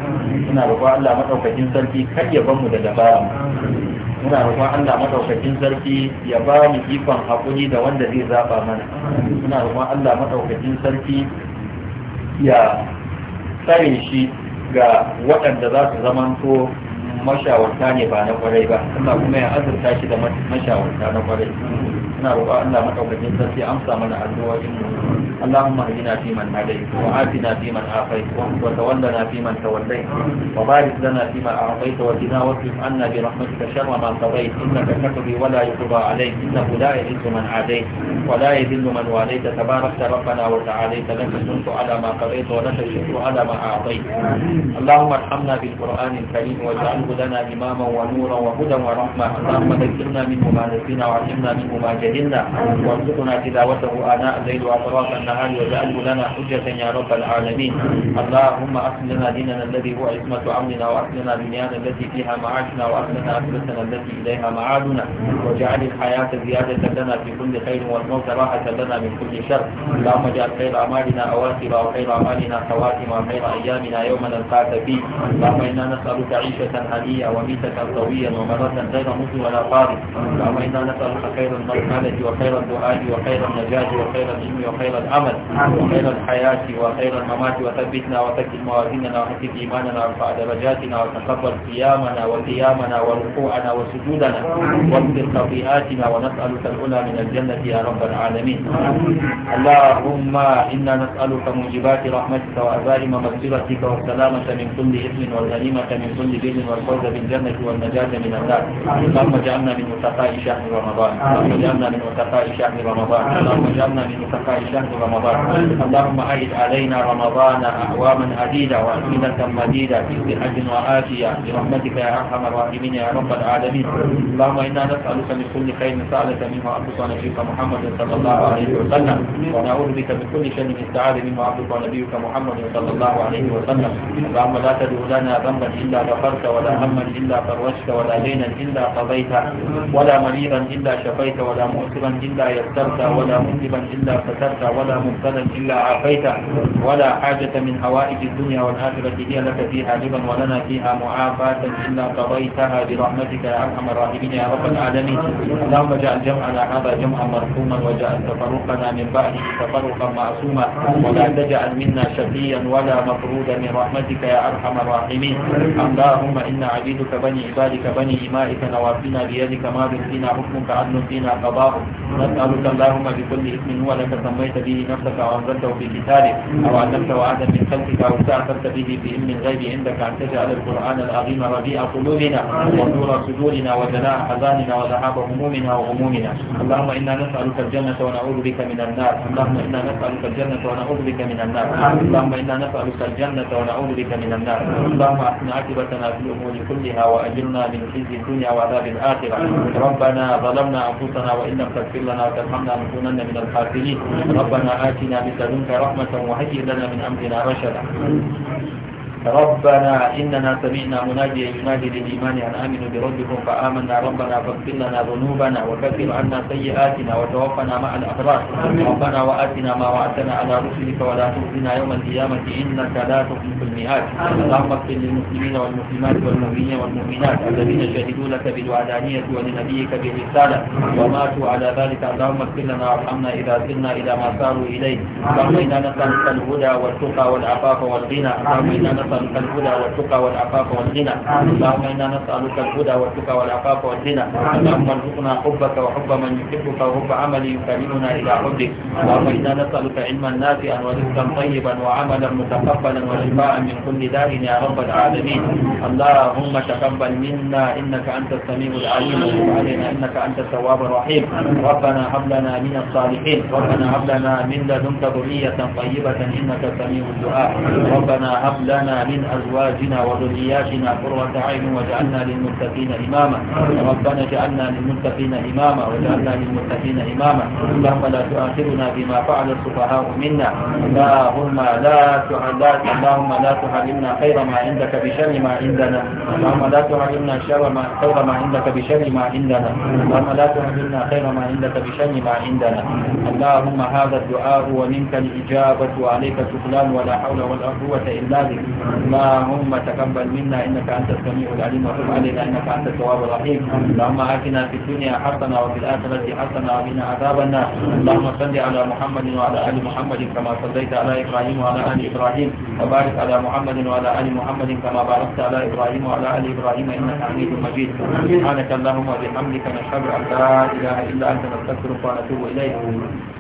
muna roƙon Allah madaukakin sarki kar ya bamu da dabara muna roƙon Allah madaukakin sarki ya ba mu ikon hakuri da wanda zai zaba mana muna roƙon Allah madaukakin sarki ya tsare shi ga waɗanda za su zamanto mashawarta ne ba na kwarai ba Allah kuma ya azurta shi da mashawarta na kwarai ina roƙa Allah madaukakin sarki amsa mana addu'o'in mu Allahumma hadina fi man hadayt wa afina fi man afayt wa tawallana fi man tawallai, wa barik lana fi ma a'tayt wa qina wasrif 'anna bi rahmatika sharra ma qadayt innaka taqdi wa la yuqda 'alayk innahu la yadhillu man 'adayt wa la yadhillu man walayt tabarakta rabbana wa ta'alayta lak suntu 'ala ma qadayt wa lak shukru 'ala ma a'tayt اللهم ارحمنا بالقرآن الكريم واجعل واجعله لنا إماما ونورا وهدى ورحمة اللهم ذكرنا منه ما نسينا وعلمنا منه ما جهلنا وارزقنا تلاوته آناء الليل وأطراف النهار واجعله لنا حجة يا رب العالمين اللهم أصل لنا ديننا الذي هو عصمة أمرنا لنا دنيانا التي فيها معاشنا لنا أخرتنا التي إليها معادنا واجعل الحياة زيادة لنا في كل خير والموت راحة لنا من كل شر اللهم اجعل خير أعمالنا أواخر وخير أعمالنا خواتم وخير أيامنا يوم نلقاك فيه اللهم إنا نسألك عيشة الحالية وميتك القوية ومرة غير موت ولا قارب اللهم إنا نسألك خير المرحلة وخير الدعاء وخير النجاة وخير العلم وخير الأمل وخير الحياة وخير الممات وثبتنا وثبت موازيننا وحسب إيماننا وارفع درجاتنا وتقبل قيامنا وقيامنا وركوعنا وسجودنا واغفر خطيئاتنا ونسألك الأولى من الجنة يا رب العالمين اللهم إنا نسألك موجبات رحمتك وأزائم مغفرتك والسلامة من كل إثم والغنيمة من كل بر والفوز بالجنة والنجاة من النار اللهم اجعلنا من متقاء شهر رمضان اللهم اجعلنا من متقاء شهر رمضان اللهم اجعلنا من متقاء شهر رمضان اللهم أعد علينا رمضان أعواما عديدة وأزمنة مديدة في صحة وعافية برحمتك يا أرحم الراحمين يا رب العالمين اللهم إنا نسألك من كل خير سألك منه عبدك نبيك محمد صلى الله عليه وسلم ونعوذ بك من كل شر استعاذ منه عبدك نبيك محمد صلى الله عليه وسلم اللهم لا تدع لنا ذنبا إلا غفرت ولا ولا هما إلا فرجت ولا دينا إلا قضيته ولا مريضا إلا شفيت ولا مؤسرا إلا يسرت ولا مذنبا إلا فترت ولا مبتلا إلا عافيته ولا حاجة من حوائج الدنيا والآخرة هي لك فيها ربا ولنا فيها معافاة إلا قضيتها برحمتك يا أرحم الراحمين يا رب العالمين اللهم اجعل جمعنا هذا جمعا مرحوما وجعل تفرقنا من بعده تفرقا معصوما ولا تجعل منا شقيا ولا مطرودا من رحمتك يا أرحم الراحمين اللهم إن إنا عبيدك بني عبادك بني إمائك نوافينا بيدك ماض فينا حكمك عدل فينا قضاءك نسألك اللهم بكل اسم هو لك سميت به نفسك وأنزلته في كتابك أو علمت وعدا من خلقك أو استأثرت به في علم الغيب عندك أن تجعل القرآن العظيم ربيع قلوبنا ونور صدورنا وجلاء حزاننا وذهاب همومنا وغمومنا اللهم إنا نسألك الجنة ونعوذ بك من النار اللهم إنا نسألك الجنة ونعوذ بك من النار اللهم إنا نسألك الجنة ونعوذ بك من النار اللهم أحسن عاقبتنا في الأمور الأمور كلها وأجرنا من خزي الدنيا وعذاب الآخرة ربنا ظلمنا أنفسنا وإن لم تغفر لنا وترحمنا لنكونن من الخاسرين ربنا آتنا من لدنك رحمة وهيئ لنا من أمرنا رشدا ربنا إننا سمعنا مناديا ينادي للإيمان أن آمنوا بربكم فآمنا ربنا فاغفر لنا ذنوبنا وكفر عنا سيئاتنا وتوفنا مع الأبرار ربنا وآتنا ما وعدتنا على رسلك ولا تخزنا يوم القيامة إنك لا تخلف الميعاد اللهم اغفر للمسلمين والمسلمات والمؤمنين والمؤمنات الذين شهدوا لك بالوعدانية ولنبيك بالرسالة وماتوا على ذلك اللهم اغفر لنا وارحمنا إذا سرنا إلى ما صاروا إليه اللهم إنا نسألك الهدى والتقى والعفاف والغنى اللهم إنا نسألك الهدى والتقى والعفاف والغنى اللهم إنا نسألك الهدى والتقى والعفاف والغنى اللهم ارزقنا حبك وحب من يحبك وحب عمل يكرمنا إلى حبك اللهم إنا نسألك علما نافعا ورزقا طيبا وعملا متقبلا وشفاء من كل داء يا رب العالمين اللهم تقبل منا إنك أنت السميع العليم وتب علينا إنك أنت التواب الرحيم ربنا هب لنا من الصالحين ربنا هب لنا من لدنك ذرية طيبة إنك سميع الدعاء ربنا هب لنا من أزواجنا وذرياتنا قرة عين وجعلنا للمتقين إماما ربنا اجعلنا للمتقين إماما واجعلنا للمتقين إماما اللهم لا تؤاخذنا بما فعل السفهاء منا اللهم لا تعلات اللهم لا تحرمنا خير ما عندك بشر ما عندنا اللهم لا تحرمنا شر ما خير ما عندك بشر ما عندنا اللهم لا تحرمنا خير ما عندك بشر ما عندنا اللهم هذا الدعاء ومنك الإجابة وعليك السفلان ولا حول ولا قوة إلا بك اللهم تقبل منا إنك أنت السميع العليم وتب علينا إنك أنت التواب الرحيم اللهم آتنا في الدنيا حسنة وفي الآخرة حسنة وقنا عذاب النار اللهم صل على محمد وعلى آل محمد كما صليت على إبراهيم وعلى آل إبراهيم وبارك على محمد وعلى آل محمد كما باركت على إبراهيم وعلى آل إبراهيم إنك حميد مجيد سبحانك اللهم وبحمدك نشهد أن لا إله إلا أنت نستغفرك ونتوب إليك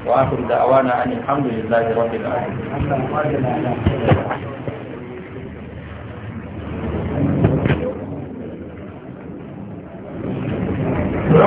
وآخر دعوانا أن الحمد لله رب العالمين